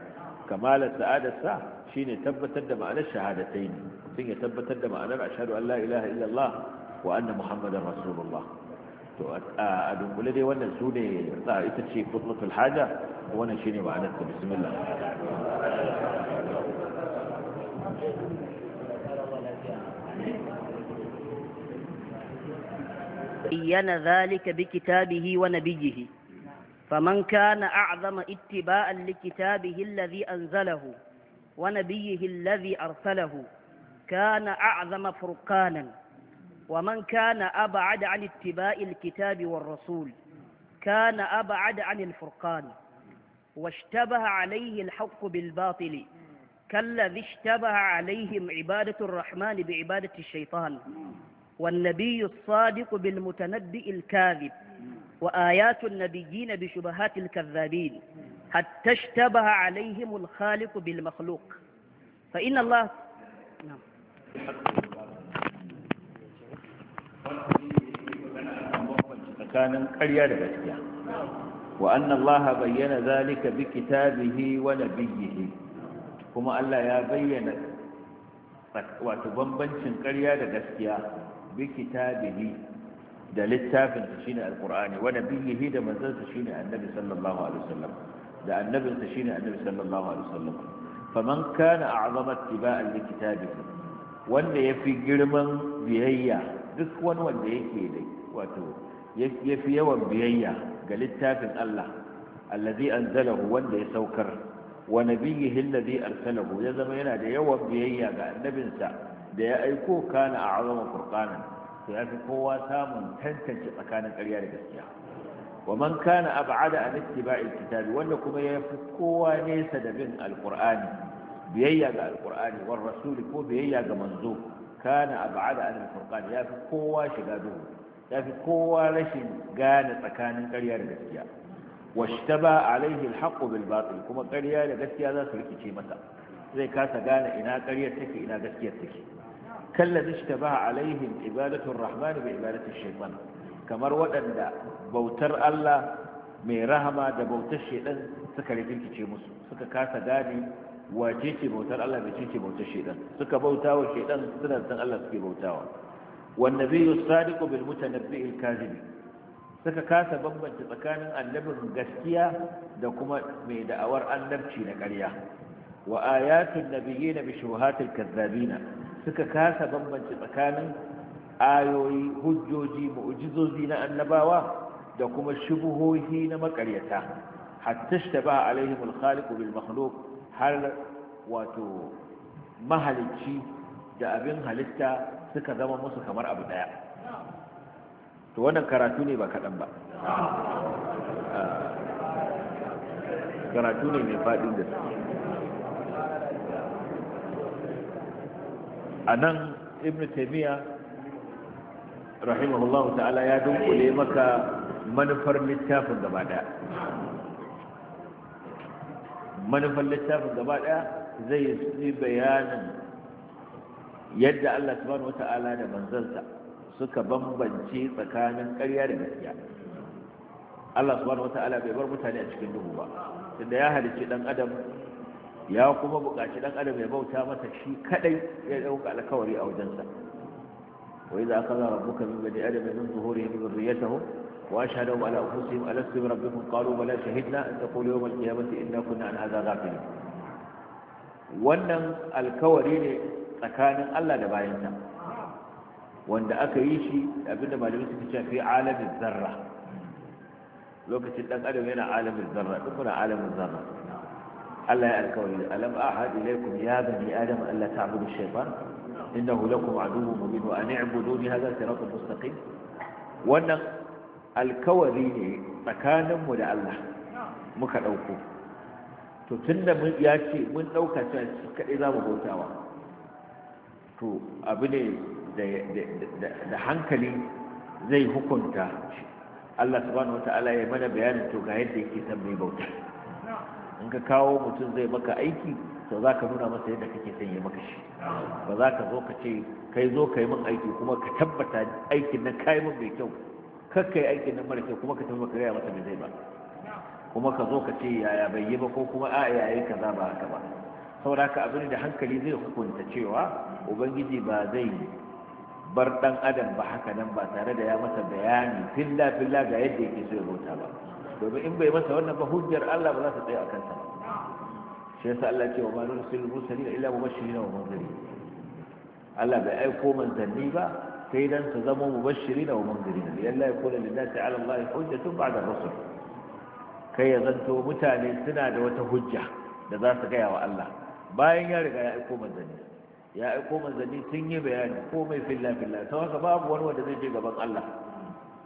كمال السعادة سا شيني تبتر دم على الشهادتين شيني تبتر دم على أشهد أن لا إله إلا الله وأن محمد رسول الله آه، أدوم الذي وانا سوني إتشي فطلة الحاجة وانا شيني وعنت بسم الله إيانا ذلك بكتابه ونبيه فمن كان أعظم اتباعا لكتابه الذي أنزله ونبيه الذي أرسله كان أعظم فرقانا ومن كان أبعد عن اتباع الكتاب والرسول كان أبعد عن الفرقان واشتبه عليه الحق بالباطل كالذي اشتبه عليهم عبادة الرحمن بعبادة الشيطان والنبي الصادق بالمتنبئ الكاذب وآيات النبيين بشبهات الكذابين حتى اشتبه عليهم الخالق بالمخلوق فإن الله نعم وأن الله بيّن ذلك بكتابه ونبيه كما ألا يبيّن وتبنبنش كريا لغسكيا بكتابه da littafinsa sa shine alqur'ani wa nabiyhi da manzon sa shine annabi sallallahu alaihi wasallam da annabinsa sa shine annabi sallallahu alaihi wasallam faman kana a'zama ittiba'an li kitabihi wanda yafi girman biyayya duk wani wanda yake da wato yafi yawan biyayya ga littafin Allah allazi anzalahu wanda ya saukar wa nabiyhi allazi arsalahu ya zama yana da yawan biyayya ga annabinsa da ya aiko kana a'zama furqanan to ya fi kowa samun tantance tsakanin ƙarya da gaskiya wa man kana ab'ada an ittiba'il kitabi wanda kuma ya fi kowa nesa da bin alqur'ani biyayya ga alqur'ani war rasul ko biyayya ga manzo kana ab'ada an alfurqan ya fi kowa shiga duhu ya fi kowa rashin gane tsakanin ƙarya da gaskiya washtaba alaihi alhaqqu bil batil kuma ƙarya da gaskiya za su rikice masa zai kasa gane ina ƙaryar take ina gaskiyar take kallazi ishtabaha alaihim ibadatu rahman bi ibadati shaytan kamar waɗanda bautar Allah mai rahama da bautar shaytan suka rikice musu suka kasa gane wace ce bautar Allah mai ce bautar shaytan suka bauta wa shaytan suna san Allah suke bautawa wan nabiyyu sadiqu bil mutanabbi al kadhib suka kasa bambanta tsakanin annabin gaskiya da kuma mai da'awar annabci na ƙarya wa ayatun nabiyyi na bishuhatul kazzabina suka kasa bambance tsakanin ayoyi hujjoji mu'jizozi na annabawa da kuma shubuhohi na makaryata hatta shtaba alaihim al-khaliq bil makhluq har wato mahalicci da abin halitta suka zama musu kamar abu daya to wannan karatu ne ba kaɗan ba ah, karatu ne mai faɗin gaske a nan ibn taimiyya rahimahullah ta'ala ya dunkule maka manufar littafin gaba daya manufar littafin gaba daya zai yi bayanin yadda Allah subhanahu wata'ala da manzansa suka bambance tsakanin ƙarya da gaskiya Allah subhanahu wata'ala bai bar mutane a cikin duhu ba tunda ya halicci dan adam ya kuma buƙaci dan adam ya bauta masa shi kadai ya dauka alkawari a wajensa wa idza akhadha rabbuka min bani adama min zuhurihim dhurriyyatahum wa ashhadahum ala anfusihim alastu bi rabbikum qalu bala shahidna an taqulu yawm alqiyamati inna kunna an hadha ghafilin wannan alkawari ne tsakanin Allah da bayansa wanda aka yi shi abinda malamai suka ce fi alamin zarra lokacin dan adam yana alamin zarra duk kuna alamin zarra Allah ya alkawari alam ahad ilaykum ya bani adam alla ta'budu shaytan innahu lakum aduwwun mubin wa an i'buduni hadha siratal mustaqim wannan alkawari ne tsakanin mu da Allah muka ɗauko to tunda mun ya ce mun dauka cewa shi kadai za mu bautawa to abu ne da hankali zai hukunta Allah subhanahu wataala ya mana bayanin to ga yadda yake san mai bauta in ka kawo mutum zai maka aiki to za ka nuna masa yadda kake son ya maka shi ba za ka zo ka ce kai zo ka yi min aiki kuma ka tabbata aikin nan ka min mai kyau kar ka yi aikin nan mara kyau kuma ka tabbata gaya masa mai zai ba kuma ka zo ka ce yaya bai yi ba ko kuma a yaya kaza ba haka ba saboda haka abin da hankali zai hukunta cewa ubangiji ba zai bar dan adam ba haka nan ba tare da ya masa bayani filla filla ga yadda yake so ya bauta ba domin in bai masa wannan ba hujjar Allah ba za ta tsaya a kansa shi yasa Allah ce wa sun sil musalin illa mubashirin wa mangari. Allah bai aiko manzanni ba sai dan su zama mubashirin wa munzirin yalla yakuna lillahi ala Allah hujjatun ba'da rusul kai ya zanto mutane suna da wata hujja da za su gaya wa Allah bayan ya riga ya aiko manzanni ya aiko manzanni sun yi bayani komai filla filla ta haka babu wani wanda zai je gaban Allah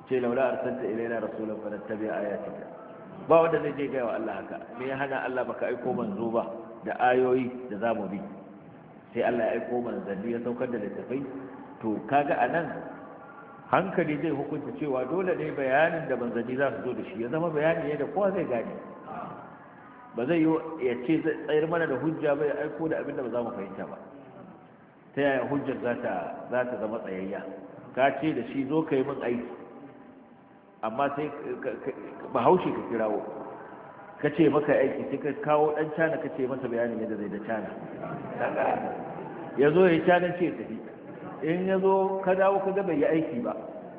ce laula arsalta ilaina rasulan fa nattabi ayatika ba wanda zai je gaya wa Allah haka me ya hana Allah baka aiko manzo ba da ayoyi da zamu bi sai Allah ya aiko manzanni ya saukar da littafai to kaga anan hankali zai hukunta cewa dole ne bayanin da manzanni za su zo da shi ya zama bayani ne da kowa zai gane ba zai yi ya ce zai tsayar mana da hujja ba ya aiko da abin da ba za mu fahimta ba ta yaya hujjar za ta zama tsayayya ka ce da shi zo ka yi min aiki amma sai bahaushe ka kirawo ka ce maka aiki sai ka kawo dan cana ka ce masa bayanin yadda zai da cana ya zo ya cana ce ta tafi in ya zo ka dawo ka gaba bai yi aiki ba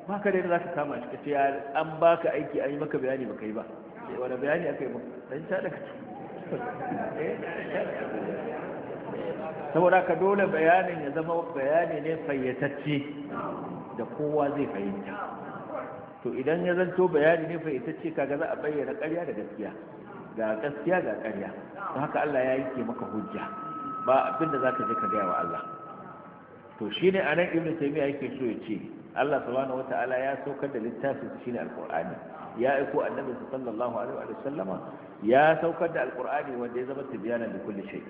ba ka da yadda za ka kama shi ka ce an ba ka aiki an yi maka bayani ba ka yi ba wani bayani aka yi ba dan cana ka ce saboda ka dole bayanin ya zama bayani ne fayyatacce da kowa zai fahimta to idan ya zanto bayani ne fa ita ce kaga za a bayyana ƙarya da gaskiya ga gaskiya ga ƙarya don haka Allah ya ke maka hujja ba abin da zaka je ka gaya wa Allah to shi shine anan ibnu taymiya yake so ya ce Allah subhanahu wataala ya saukar da littafin shi ne alqur'ani ya aiko annabi sallallahu alaihi wa sallama ya saukar da alqur'ani wanda ya zama tibyanan da kulli shay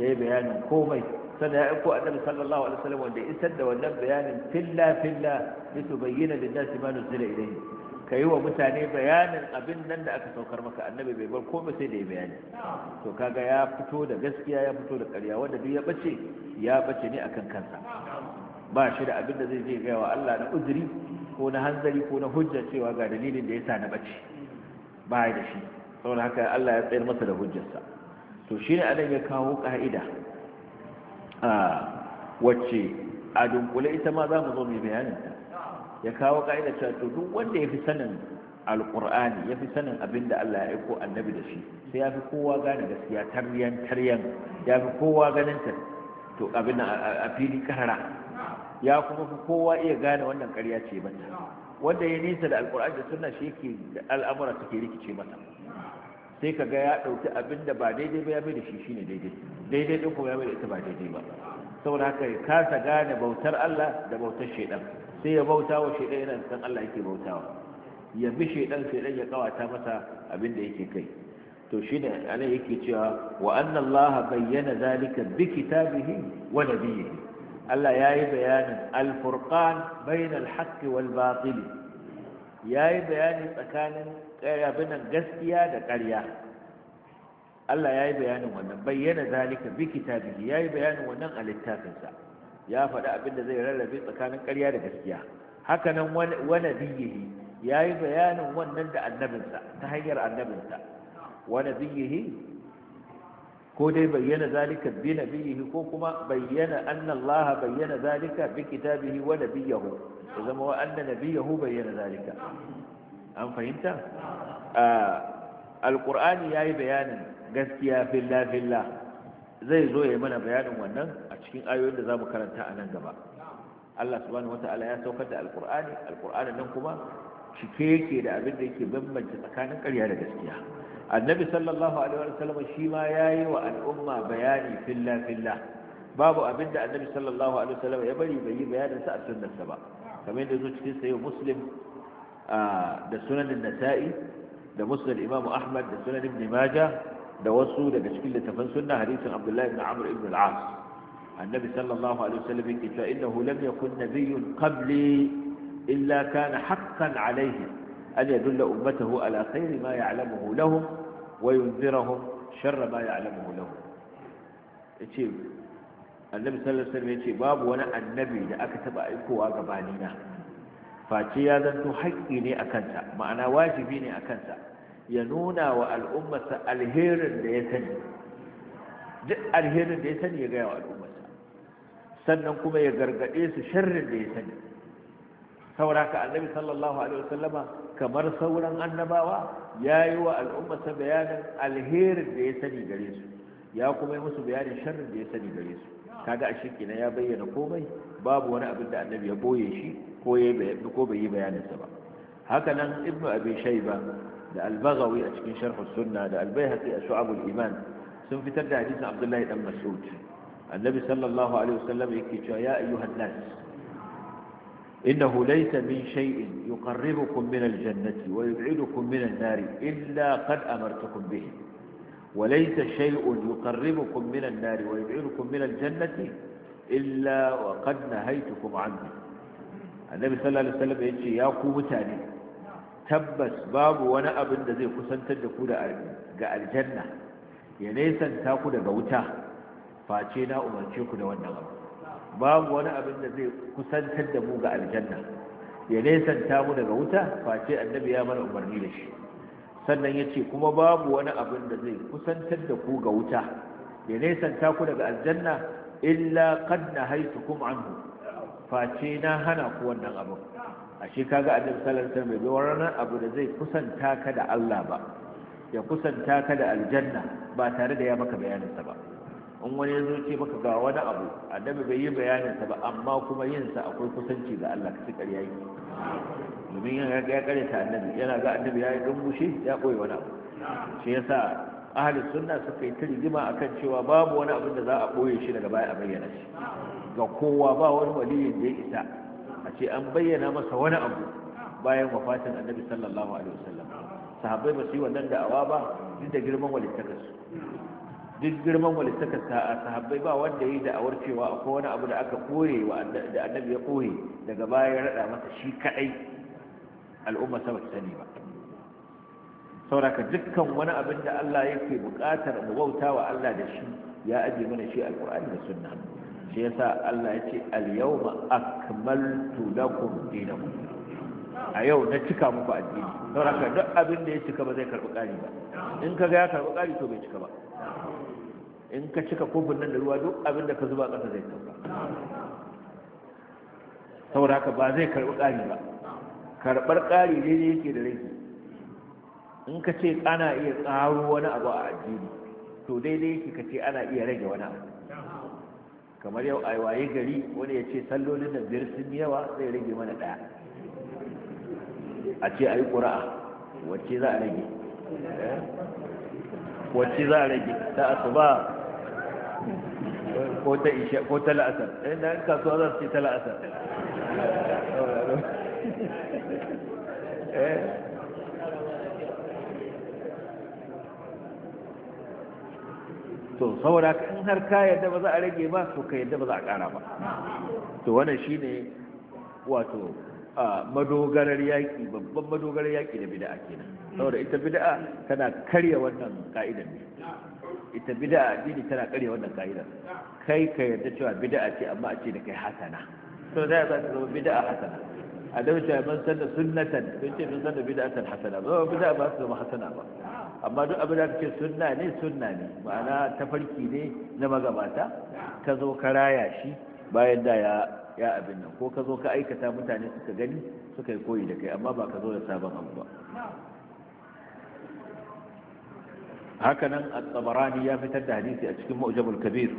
yayi bayanin komai sannan ya aiko annabi sallallahu alaihi wasallam wanda isar da wannan bayanin filla filla ya tubayyana lin-nasi ma nuzila ilayhi kai wa mutane bayanin abin nan da aka saukar maka annabi bai bar komai sai da ya bayani to kaga ya fito da gaskiya ya fito da ƙarya wanda duk ya bace ya bace ne akan kansa ba shi da abin da zai je gaya wa Allah na uzuri ko na hanzari ko na hujja cewa ga dalilin da ya sa na bace ba da shi saboda haka Allah ya tsayar masa da hujjarsa to shi ne anan ya kawo ka'ida wacce a dunkule ita ma za mu zo mai bayanin ta ya kawo ka'ida cewa to duk wanda ya fi sanin Alƙur'ani, ya fi sanin abin da Allah ya aiko annabi da shi sai ya fi kowa gane gaskiya taryan taryan ya fi kowa ganin ta to abin a fili karara ya kuma fi kowa iya gane wannan ƙarya ce mata wanda ya nisa da alkur'ani da sunna shi yake al'amura suke rikice mata sai ka ga ya ɗauki abin da ba daidai ba ya mai da shi shine daidai daidai ɗin kuma ya mai da ita ba daidai ba saboda haka ya kasa gane bautar Allah da bautar shaidan sai ya bauta wa shaidan yana san Allah yake bautawa ya bi shaidan shaidan ya kawata masa abin da yake kai to shine ana yake cewa wa anna Allah bayyana zalika bi kitabihi wa nabiyhi Allah yi bayanin al-furqan bayna al-haqqi wal-batil ya yi bayani tsakanin abinan gaskiya da ƙarya Allah ya yi bayanin wannan bayyana zalika bi kitabi ya yi bayanin wannan a littafinsa ya faɗi abin da zai rarrabe tsakanin ƙarya da gaskiya haka nan wani biyihi ya yi bayanin wannan da annabinsa ta hanyar annabinsa wani biyihi ko dai bayyana zalika bi nabiyihi ko kuma bayyana annallaha bayyana zalika bi kitabihi wa biyahu. ya zama wa Nabi nabiyahu bayyana zalika an fahimta ya yayi bayanin gaskiya filla filla zai zo ya mana bayanin wannan a cikin ayoyin da zamu karanta a nan gaba Allah subhanahu ya saukar da alqur'ani alqur'anin nan kuma cike yake da abin da yake bambanta tsakanin ƙarya da gaskiya annabi sallallahu alaihi wa sallam shi ma yayi wa al'umma bayani filla filla babu abin da annabi sallallahu alaihi wa sallam ya bari bai yi bayanin sa a sunnarsa ba kamar yadda zo cikin sayo muslim da sunanin nasa'i da musnad imamu ahmad da sunanin ibn da wasu daga cikin littafan sunna hadisin abdullahi ibn amr ibn al-as النبي صلى الله عليه وسلم يقول فإنه لم يكن نبي قبلي إلا كان حقا عليه أن يدل أمته على خير ما يعلمه لهم وينذرهم ma ما يعلمه لهم annabi sallallahu alaihi wasallam ce babu wani annabi da aka taba aikowa gabani na face ya zanto haƙƙi ne a kanta ma'ana wajibi ne a kanta ya nuna wa al'ummarsa alherin da ya sani duk alherin da ya sani ya gaya wa al'ummarsa sannan kuma ya gargaɗe su sharrin da ya sani saboda ka annabi sallallahu alaihi wasallama kamar sauran annabawa ya yi wa al'ummarsa bayanin alherin da ya sani gare su ya kuma yi musu bayanin sharrin da ya sani gare su kaga a shirki na ya bayyana komai babu wani abin da annabi ya boye shi ko ya bayani ko bai yi sa ba haka nan ibnu abi shayba da al-baghawi a cikin sharh sunna da al-baihaqi a shu'ab al iman sun fitar da hadisin abdullahi dan mas'ud annabi sallallahu alaihi wasallam yake cewa ya ayyuhan nas إنه ليس من شيء يقربكم من الجنة ويبعدكم من النار إلا قد أمرتكم به وليس شيء يقربكم من النار ويبعدكم من الجنة إلا وقد نهيتكم عنه النبي صلى الله عليه وسلم يجي يا متاني تبس باب وانا ابن ذي كسنتر دكو ga aljanna ya nesanta ku daga wuta face na umarce ku da wannan abu babu wani abin da zai kusantar da mu ga aljanna ya nesanta mu daga wuta face annabi ya mana umarni da shi sannan ya ce kuma babu wani abin da zai kusantar da ku ga wuta ya nesanta ku daga aljanna illa qad nahaytukum anhu face na hana ku wannan abin ashe kaga annabi sallallahu mai wasallam bai abu da zai kusanta ka da Allah ba ya kusanta ka da aljanna ba tare da ya maka bayanin sa ba in wani ya ce maka ga wani abu annabi bai yi bayaninsa ba amma kuma yinsa sa akwai kusanci ga Allah kace ƙarya domin yana ya karyata annabi yana ga annabi ya yi gambushe ya koyi wani abu shi yasa ahalin sunna suka yi ta akan cewa babu wani abin da za a boye shi daga baya a bayyana shi ga kowa ba wani waliyin da ya isa a ce an bayyana masa wani abu bayan wafatin annabi sallallahu alaihi wasallam sahabbai ba su yi wannan da'awa ba duk da girman walittakarsu duk girman walittaka a sahabbai ba wanda ya yi da'awar cewa akwai wani abu da aka koye da annabi ya koye daga baya ya rada masa shi kadai al'umma ta ba sani ba sauraka dukkan wani abin da Allah yake buƙatar mu bauta wa Allah da shi ya aje mana shi alƙur'ani da sunna shi yasa Allah ya ce al-yawma akmaltu lakum dinakum a yau na cika muku addini sauraka duk abin da ya cika ba zai karɓi ƙari ba in ka ga ya karɓi ƙari to bai cika ba in ka cika kofin nan da ruwa duk abin da ka zuba ƙasa zai sauka sauraka ba zai karɓi ƙari ba karɓar ƙari daidai yake da rage in ka ce ana iya tsaro wani abu a addini to daidai yake ka ce ana iya rage wani abu kamar yau a waye gari wani ya ce sallolin da biyar sun yawa zai rage mana ɗaya a ce a yi ƙura'a wacce za a rage wacce za a rage ta asuba ko ta isha ko ta la'asar ɗaya eh, da kasuwa za su ce ta la'asar Eh. to saboda kan har ka yadda ba za a rage ba to ka yadda ba za a ƙara ba to wannan shine wato madogarar yaƙi babban madogarar yaƙi da bida'a kenan saboda ita bida'a tana karya wannan ka'idar ne ita bida'a addini tana karya wannan ka'idar kai ka yadda cewa bida'a ce amma a ce da kai hasana to da za ta zama bida'a hasana a da wace man da sunnatan sun ce mun da bid'atan hasana ba bid'a ba su zama hasana ba amma duk abin da kake sunna ne sunna ne ma'ana tafarki ne na magabata ka zo ka raya shi bayan da ya ya abin nan ko ka zo ka aikata mutane suka gani suka yi koyi da kai amma ba ka zo da sabon abu ba haka nan at-tabarani ya fitar da hadisi a cikin mu'jamul kabir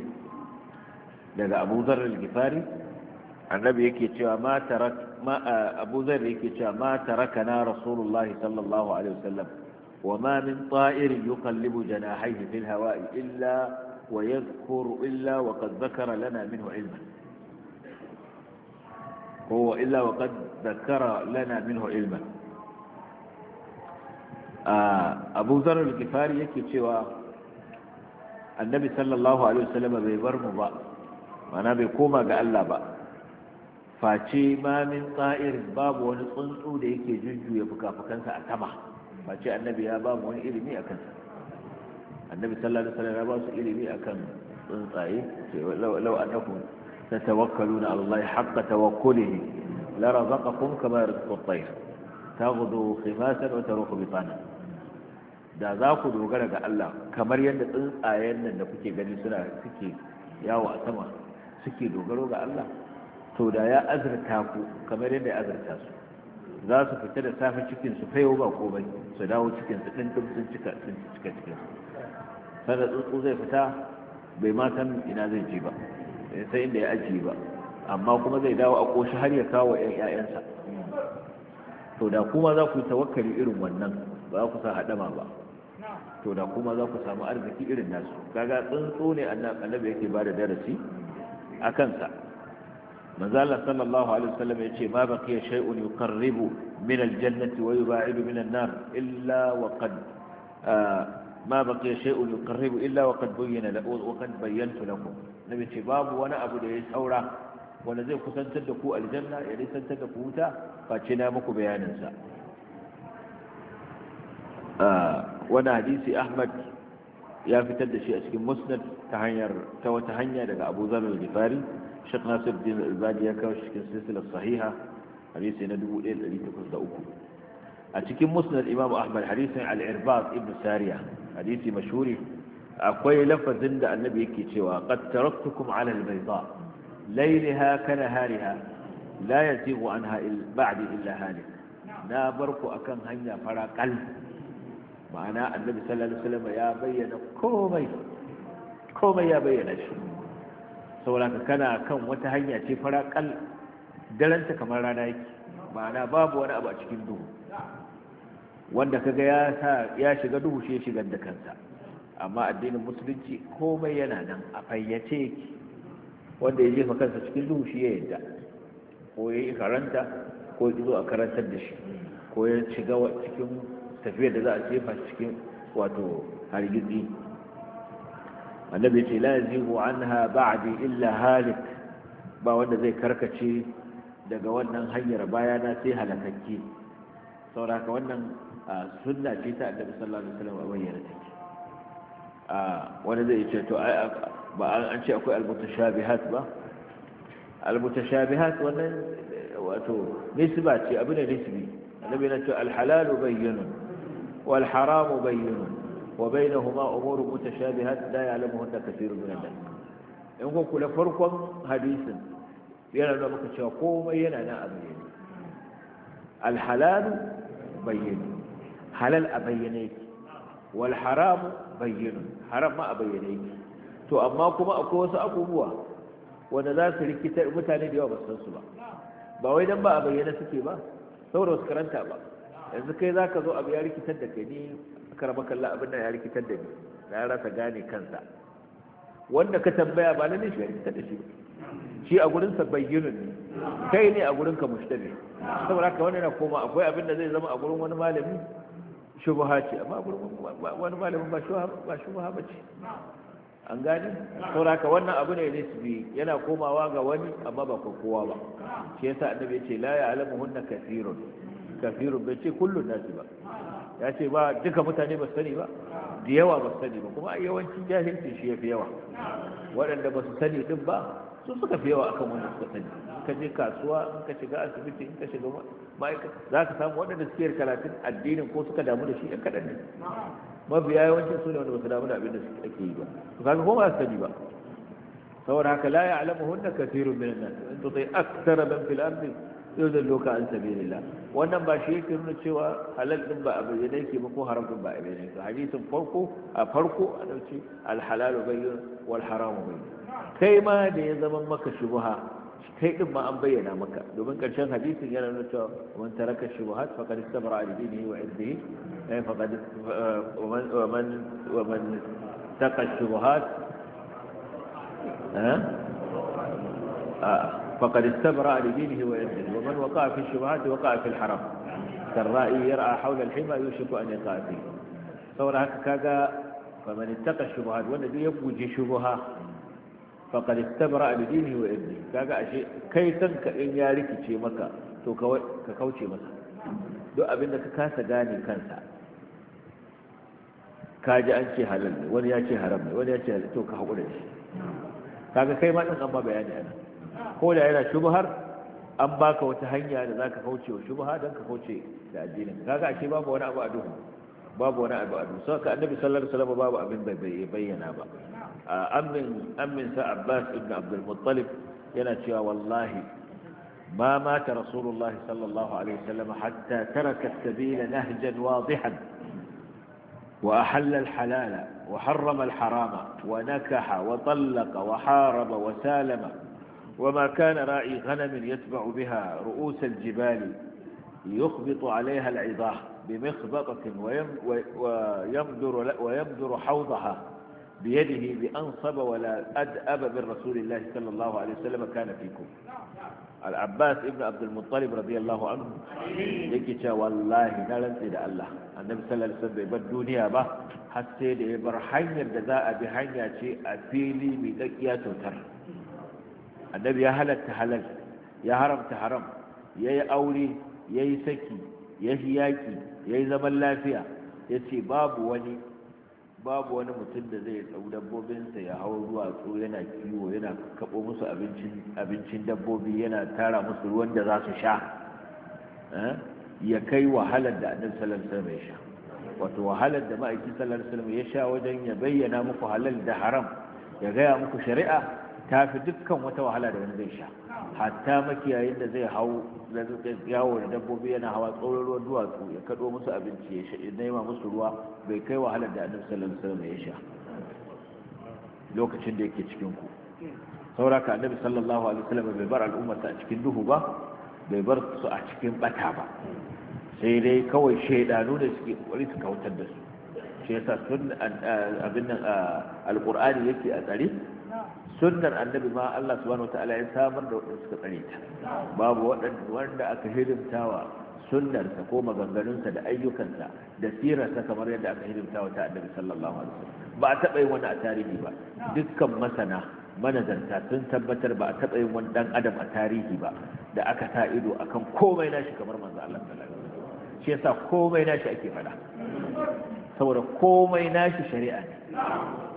daga Abu Dharr al annabi yake cewa ma taraktu ما آه، أبو ذر كتا ما تركنا رسول الله صلى الله عليه وسلم وما من طائر يقلب جناحيه في الهواء إلا ويذكر إلا وقد ذكر لنا منه علما هو إلا وقد ذكر لنا منه علما آه، أبو ذر الكفاري كتوى النبي صلى الله عليه وسلم بيبرم بأ ونبي كوما قال لا بأ face ma min qa'irin babu wani tsuntsu da yake jujjuya fukafukansa a sama face annabi ya babu wani ilimi a kansa annabi sallallahu alaihi wasallam ya ba su ilimi a kan tsuntsaye lau law annakum tatawakkaluna ala allahi haqqa tawakkulihi la razaqakum kama yarzuqu at ta taghdu khimasan wa taruhu bitana da za ku dogara ga Allah kamar yadda tsuntsayen nan da kuke gani suna suke yawo a sama suke dogaro ga Allah to da ya azurta ku kamar yadda ya azurta su za su fita da safe cikin su fayo ba ko bai su dawo cikin su din dum sun cika sun cika cikin kada tsuntsu zai fita bai ma san ina zai ji ba sai inda ya ajiye ba amma kuma zai dawo a koshi har ya kawo ƴan ƴaƴansa to da kuma za ku yi tawakkali irin wannan ba za ku sa hadama ba to da kuma za ku samu arziki irin nasu kaga tsuntsu ne annabi yake ba da darasi a kansa manzo Allah sallallahu alaihi wasallam ya ce ma baqiya shay'un yuqarribu min aljannati wa yuba'idu min an-nar illa wa qad ah, ma baqiya shay'un yuqarribu illa wa qad bayyana lahu wa qad bayyantu lakum nabi ce babu wani abu da ya saura wanda zai kusantar da ku aljanna ya nisantar da ku wuta face na muku bayanin sa ah, wani hadisi Ahmad ya fitar da shi a cikin musnad ta hanyar ta wata hanya daga Abu Zar al fari. shek nasir din albani ya kawo cikin silsilar sahiha hadisi na 1803 a cikin musnad imam ahmad hadisin al-irbad ibn sariya hadisi mashhuri akwai lafazin da annabi yake cewa qad taraktukum ala al-bayda laylaha kanahariha la yatiqu anha ba'di illa halik na barku akan hanya fara kal ma'ana annabi sallallahu alaihi wasallam ya bayyana komai komai ya bayyana shi saboda kana kan wata hanya ce fara kal daranta kamar rana yake ma'ana babu wani abu a cikin duhu wanda kaga ya ya shiga duhu shi ya shigar da kansa amma addinin musulunci komai yana nan a fayyace yake wanda ya jefa kansa cikin duhu shi ya yadda ko ya yi karanta ko ya zo a karantar da shi ko ya shiga cikin tafiyar da za a jefa cikin wato hargitsi annabi ce la yazihu anha ba'di illa halik ba wanda zai karkace daga wannan hanyar baya na sai halakakke sauraka wannan sunna ce ta annabi sallallahu alaihi wasallam a bayyana take a wani zai ce to ba an ce akwai almutashabihat ba almutashabihat wannan wato nisba ce abin da nisbi annabi na ce alhalalu bayyinun wal haramu bayyinun وبينهما أمور متشابهات لا يعلمهن كثير من الناس in ku kula farkon hadisin yana da muka cewa komai yana na a bayyane alhalal bayyane halal a bayyane wal haram bayyane haram ma a bayyane to amma kuma akwai wasu abubuwa wanda za su rikitar mutane da yawa ba san su ba ba wai dan ba bayyana suke ba su karanta ba yanzu kai zaka zo a ya rikitar da kai ni karama kalla abin nan ya rikitar da ni na rasa gane kansa wanda ka tambaya ba na shi ya rikitar da shi shi a gurin sa bayyana ne kai ne a gurin ka mushtabi saboda haka wannan yana koma akwai abin da zai zama a gurin wani malami shubha ce amma a gurin wani malamin ba shubha ba shubha ba ce an gani saboda haka wannan abu ne nisbi yana komawa ga wani amma ba kowa ba shi yasa annabi ya ce la ya'lamuhunna kathirun kathirun bai ce kullun nasi ba ya ce ba duka mutane ba sani ba da yawa ba sani ba kuma yawancin jahilci shi ya fi yawa waɗanda ba su sani din ba su suka fi yawa akan wanda suka sani ka je kasuwa ka shiga asibiti in ka shiga ma'aikata za ka samu waɗanda suke karatun addinin ko suka damu da shi ɗan kaɗan ne mabiya yawancin su ne wanda ba su damu da abin da ake yi ba su kaga ko ba su sani ba saboda haka la ya'lamuhunna kathirun minan nas in tuti aktsara man fil ardi Yau da doka an nila wannan ba shi yake nuna cewa halal din ba abu ne yake ba ko haram din ba abu ne hadisin farko a farko a dauce al halal wal haram bayyin kai ma da ya zama maka shubha kai din ma an bayyana maka domin karshen hadisin yana nuna cewa man taraka shubhat faqad istabra li dinihi wa irdihi ay eh, faqad wa man wa man taqa shubhat ha eh, ah, فقد استبرأ لدينه وعرضه ومن وقع في الشبهات وقع في الحرام كالرائي يرعى حول الحمى يوشك أن يقع فيه saboda haka kaga faman ittaka shubuhat wanda duk ya guji shubuha faqad istabra dinihi wa irdi kai kanka in ya rikice maka to ka kauce abinda ka kasa gane kansa an ce halal ne wani ya ce haram ne wani ya ce halal to ka haƙura shi kaga kai ma ɗin an bayani ana ko da yana shubhar an baka wata hanya da zaka kauce wa shubha dan ka kauce da addinin kaga ashe babu wani abu a duhu babu wani abu a duhu saka annabi sallallahu alaihi wasallam babu abin da bai bayyana ba amin amin sa abbas ibn abdul muttalib yana cewa wallahi ما مات رسول الله صلى الله عليه وسلم حتى ترك السبيل نهجا واضحا وأحل الحلال وحرم الحرام ونكح وطلق وحارب وسالم وما كان راعي غنم يتبع بها رؤوس الجبال يخبط عليها العظاه بمخبطة ويمدر, ويمدر حوضها بيده بأنصب ولا أدأب من رسول الله صلى الله عليه وسلم كان فيكم العباس ابن عبد المطلب رضي الله عنه يكي والله نرن إلى الله النبي صلى الله عليه وسلم يبدو الدنيا با حتى يبقى الجزاء بحين يا شيء أفيلي يا توتر annabi ya halatta halal ya haramta haram ya yi aure ya yi saki ya yi yaƙi ya yi zaman lafiya ya ce babu wani babu wani mutum da zai ɗau dabbobinsa ya hau duwatsu yana kiwo yana kaɓo musu abincin dabbobi yana tara musu ruwan da za su sha eh, ya kai wahalar da annabi sallallahu alaihi wasallam ya sha wato wahalar da ma'aikin sallallahu alaihi wasallam ya sha wajen ya bayyana muku halal da haram ya gaya muku shari'a ta fi dukkan wata wahala da wani zai sha hatta makiyayin da zai hau yawo da dabbobi yana hawa tsoron ruwan duwatsu ya kaɗo musu abinci ya nema musu ruwa bai kai wahalar da annabi sallallahu alaihi wasallam ya sha lokacin da yake cikin ku ka annabi sallallahu alaihi wasallam bai bar al'ummata a cikin duhu ba bai bar su a cikin bata ba sai dai kawai shaidanu da suke kokari su kautar da su shi yasa sun eh, abin nan eh, alqur'ani yake a tsare sunnar annabi ma Allah subhanahu wataala ya samar da waɗanda suka tsare ta babu wanda aka hidimtawa sunnarsa ko maganganunsa da ayyukansa da sirarsa kamar yadda aka hidimtawa ta annabi sallallahu alaihi wasallam ba a taɓa yin wani a tarihi ba dukkan masana manazarta sun tabbatar ba a taɓa yin wani ɗan adam a tarihi ba da aka sa ido akan komai nashi kamar manzo Allah sallallahu alaihi wasallam shi yasa komai nashi ake faɗa saboda komai nashi shari'a ne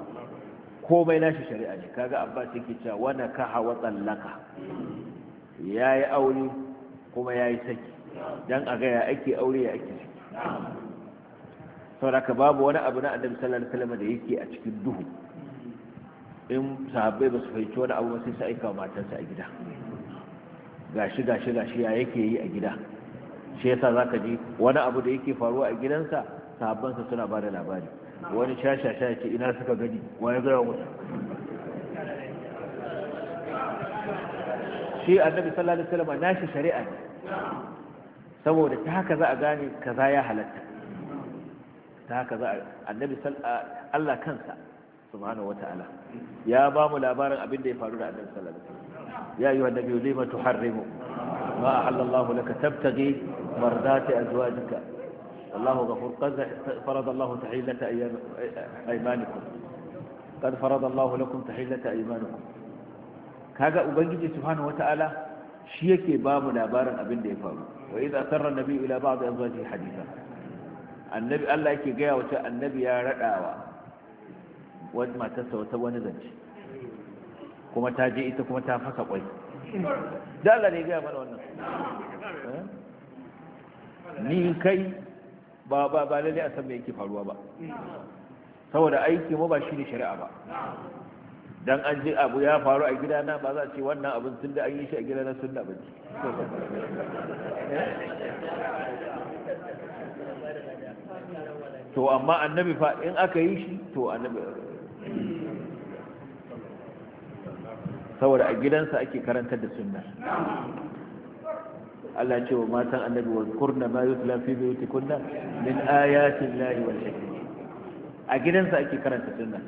komai nashi shari'a ne kaga abbas yake cewa wana kaha wa tsallaka ya yi aure kuma ya yi saki don a gaya ake aure ya ake saki ka babu wani abu na adam sallar salama da yake a cikin duhu in sahabbai ba su fahimci wani abu ba sai su aika matarsa a gida gashi gashi gashi ya yake yi a gida shi yasa ka ji wani abu da yake faruwa a gidansa sahabbansa suna ba da labari wani shashasha ce ina suka gani waye gaya musu shi annabi sallallahu alaihi wasallam nashi shari'a ne saboda ta haka za a gane kaza ya halatta ta haka za a annabi Allah kansa subhanahu wata'ala ya ba mu labarin abin da ya faru da annabi sallallahu alaihi wasallam ya ayyuhan nabiyyu lima tuharrimu ma ahallallahu laka tabtaghi mardati azwajika والله غفور قد فرض الله تحلة أيمانكم قد فرض الله لكم تحلة أيمانكم كذا أبنجي سبحانه وتعالى شيكي باب لابارا أبن ديفاو وإذا أثر النبي إلى بعض أزواجه حديثا النبي الله يكي جاء وتاء النبي يا رأوا وما تسوى توا نزج كما تاجي إتكما تافك قوي ده الله يجي يا مروان ni kai ba ba ba lalle a san me yake faruwa ba saboda aiki mu ba shine shari'a ba dan an ji abu ya faru a gidana ba za a ce wannan abin tun da an yi shi a na sunna ba ce to amma annabi fa in aka yi shi to annabi saboda a gidansa ake karantar da sunna Allah ce wa matan annabi wa kurna ma yutla fi bayti kunna min ayati llahi wal hikma a gidansa ake karanta sunna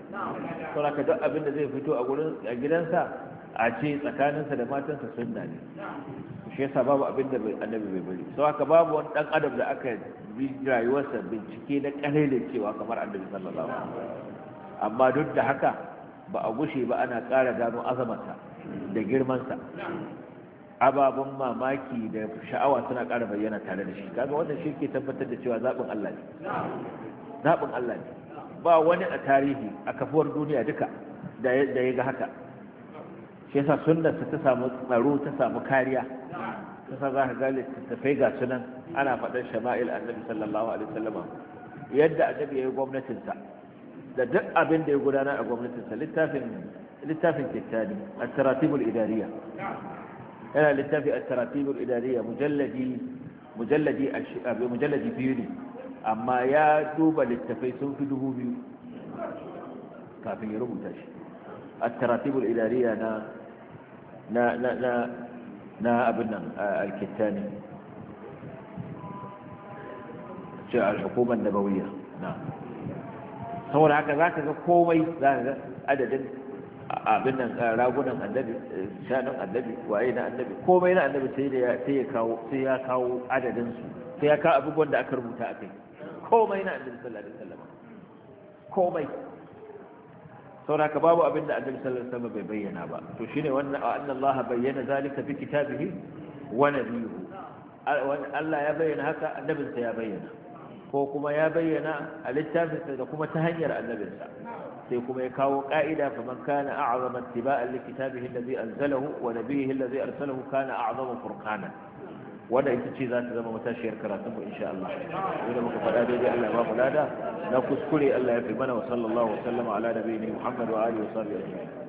saboda ka duk abin da zai fito a gurin a gidansa a ce tsakaninsa da matansa sunna ne shi yasa babu abin da annabi bai bari sau haka babu wani dan adam da aka bi rayuwarsa bincike na da cewa kamar annabi sallallahu alaihi amma duk da haka ba a gushe ba ana ƙara gano azamarsa da girmansa ababen mamaki da sha'awa suna ƙara bayyana tare da shi kaga wannan shi ke tabbatar da cewa zaɓin Allah ne zaɓin Allah ne ba wani a tarihi a kafuwar duniya duka da ya ga haka shi yasa sunnarsa ta samu tsaro ta samu kariya ta sa za ka ga littattafai ga sunan ana faɗar shama'il annabi sallallahu alaihi wasallam yadda annabi ya yi gwamnatinsa da duk abin da ya gudana a gwamnatinsa littafin littafin kittani a taratibul idariya إلى للتابع التراتيب الإدارية مجلدي مجلدي أش... مجلدي بيوني أما يا دوبا للتفيسون في دهوبي كافي يرمو التراتيب الإدارية نا نا نا نا, نا أبنى آه، الكتاني جاء الحكومة النبوية نا نعم. هو هكذا كومي هذا عددا abin nan ragunan annabi shanun annabi waye na annabi komai na annabi sai da sai ya kawo sai ya kawo adadin su sai ya kawo abubuwan da aka rubuta a kai komai na annabi sallallahu alaihi wasallam komai sauraka babu abin da annabi sallallahu alaihi wasallam bai bayyana ba to shine wannan anna Allah bayyana zalika fi kitabihi wa nabiyhi Allah ya bayyana haka annabinsa ya bayyana ko kuma ya bayyana a littafinsa da kuma ta hanyar annabinsa sai kuma ya kawo ka'ida faman kana a'zama ittiba'an li kitabihi alladhi anzalahu wa nabiyhi alladhi arsalahu kana a'zama furqana wanda ita ce za ta zama matashiyar karatun mu insha Allah idan muka faɗa da daidai Allah ba mu lada na kuskure Allah ya fi mana wa sallallahu wa sallama ala nabiyina Muhammad wa alihi wa sahbihi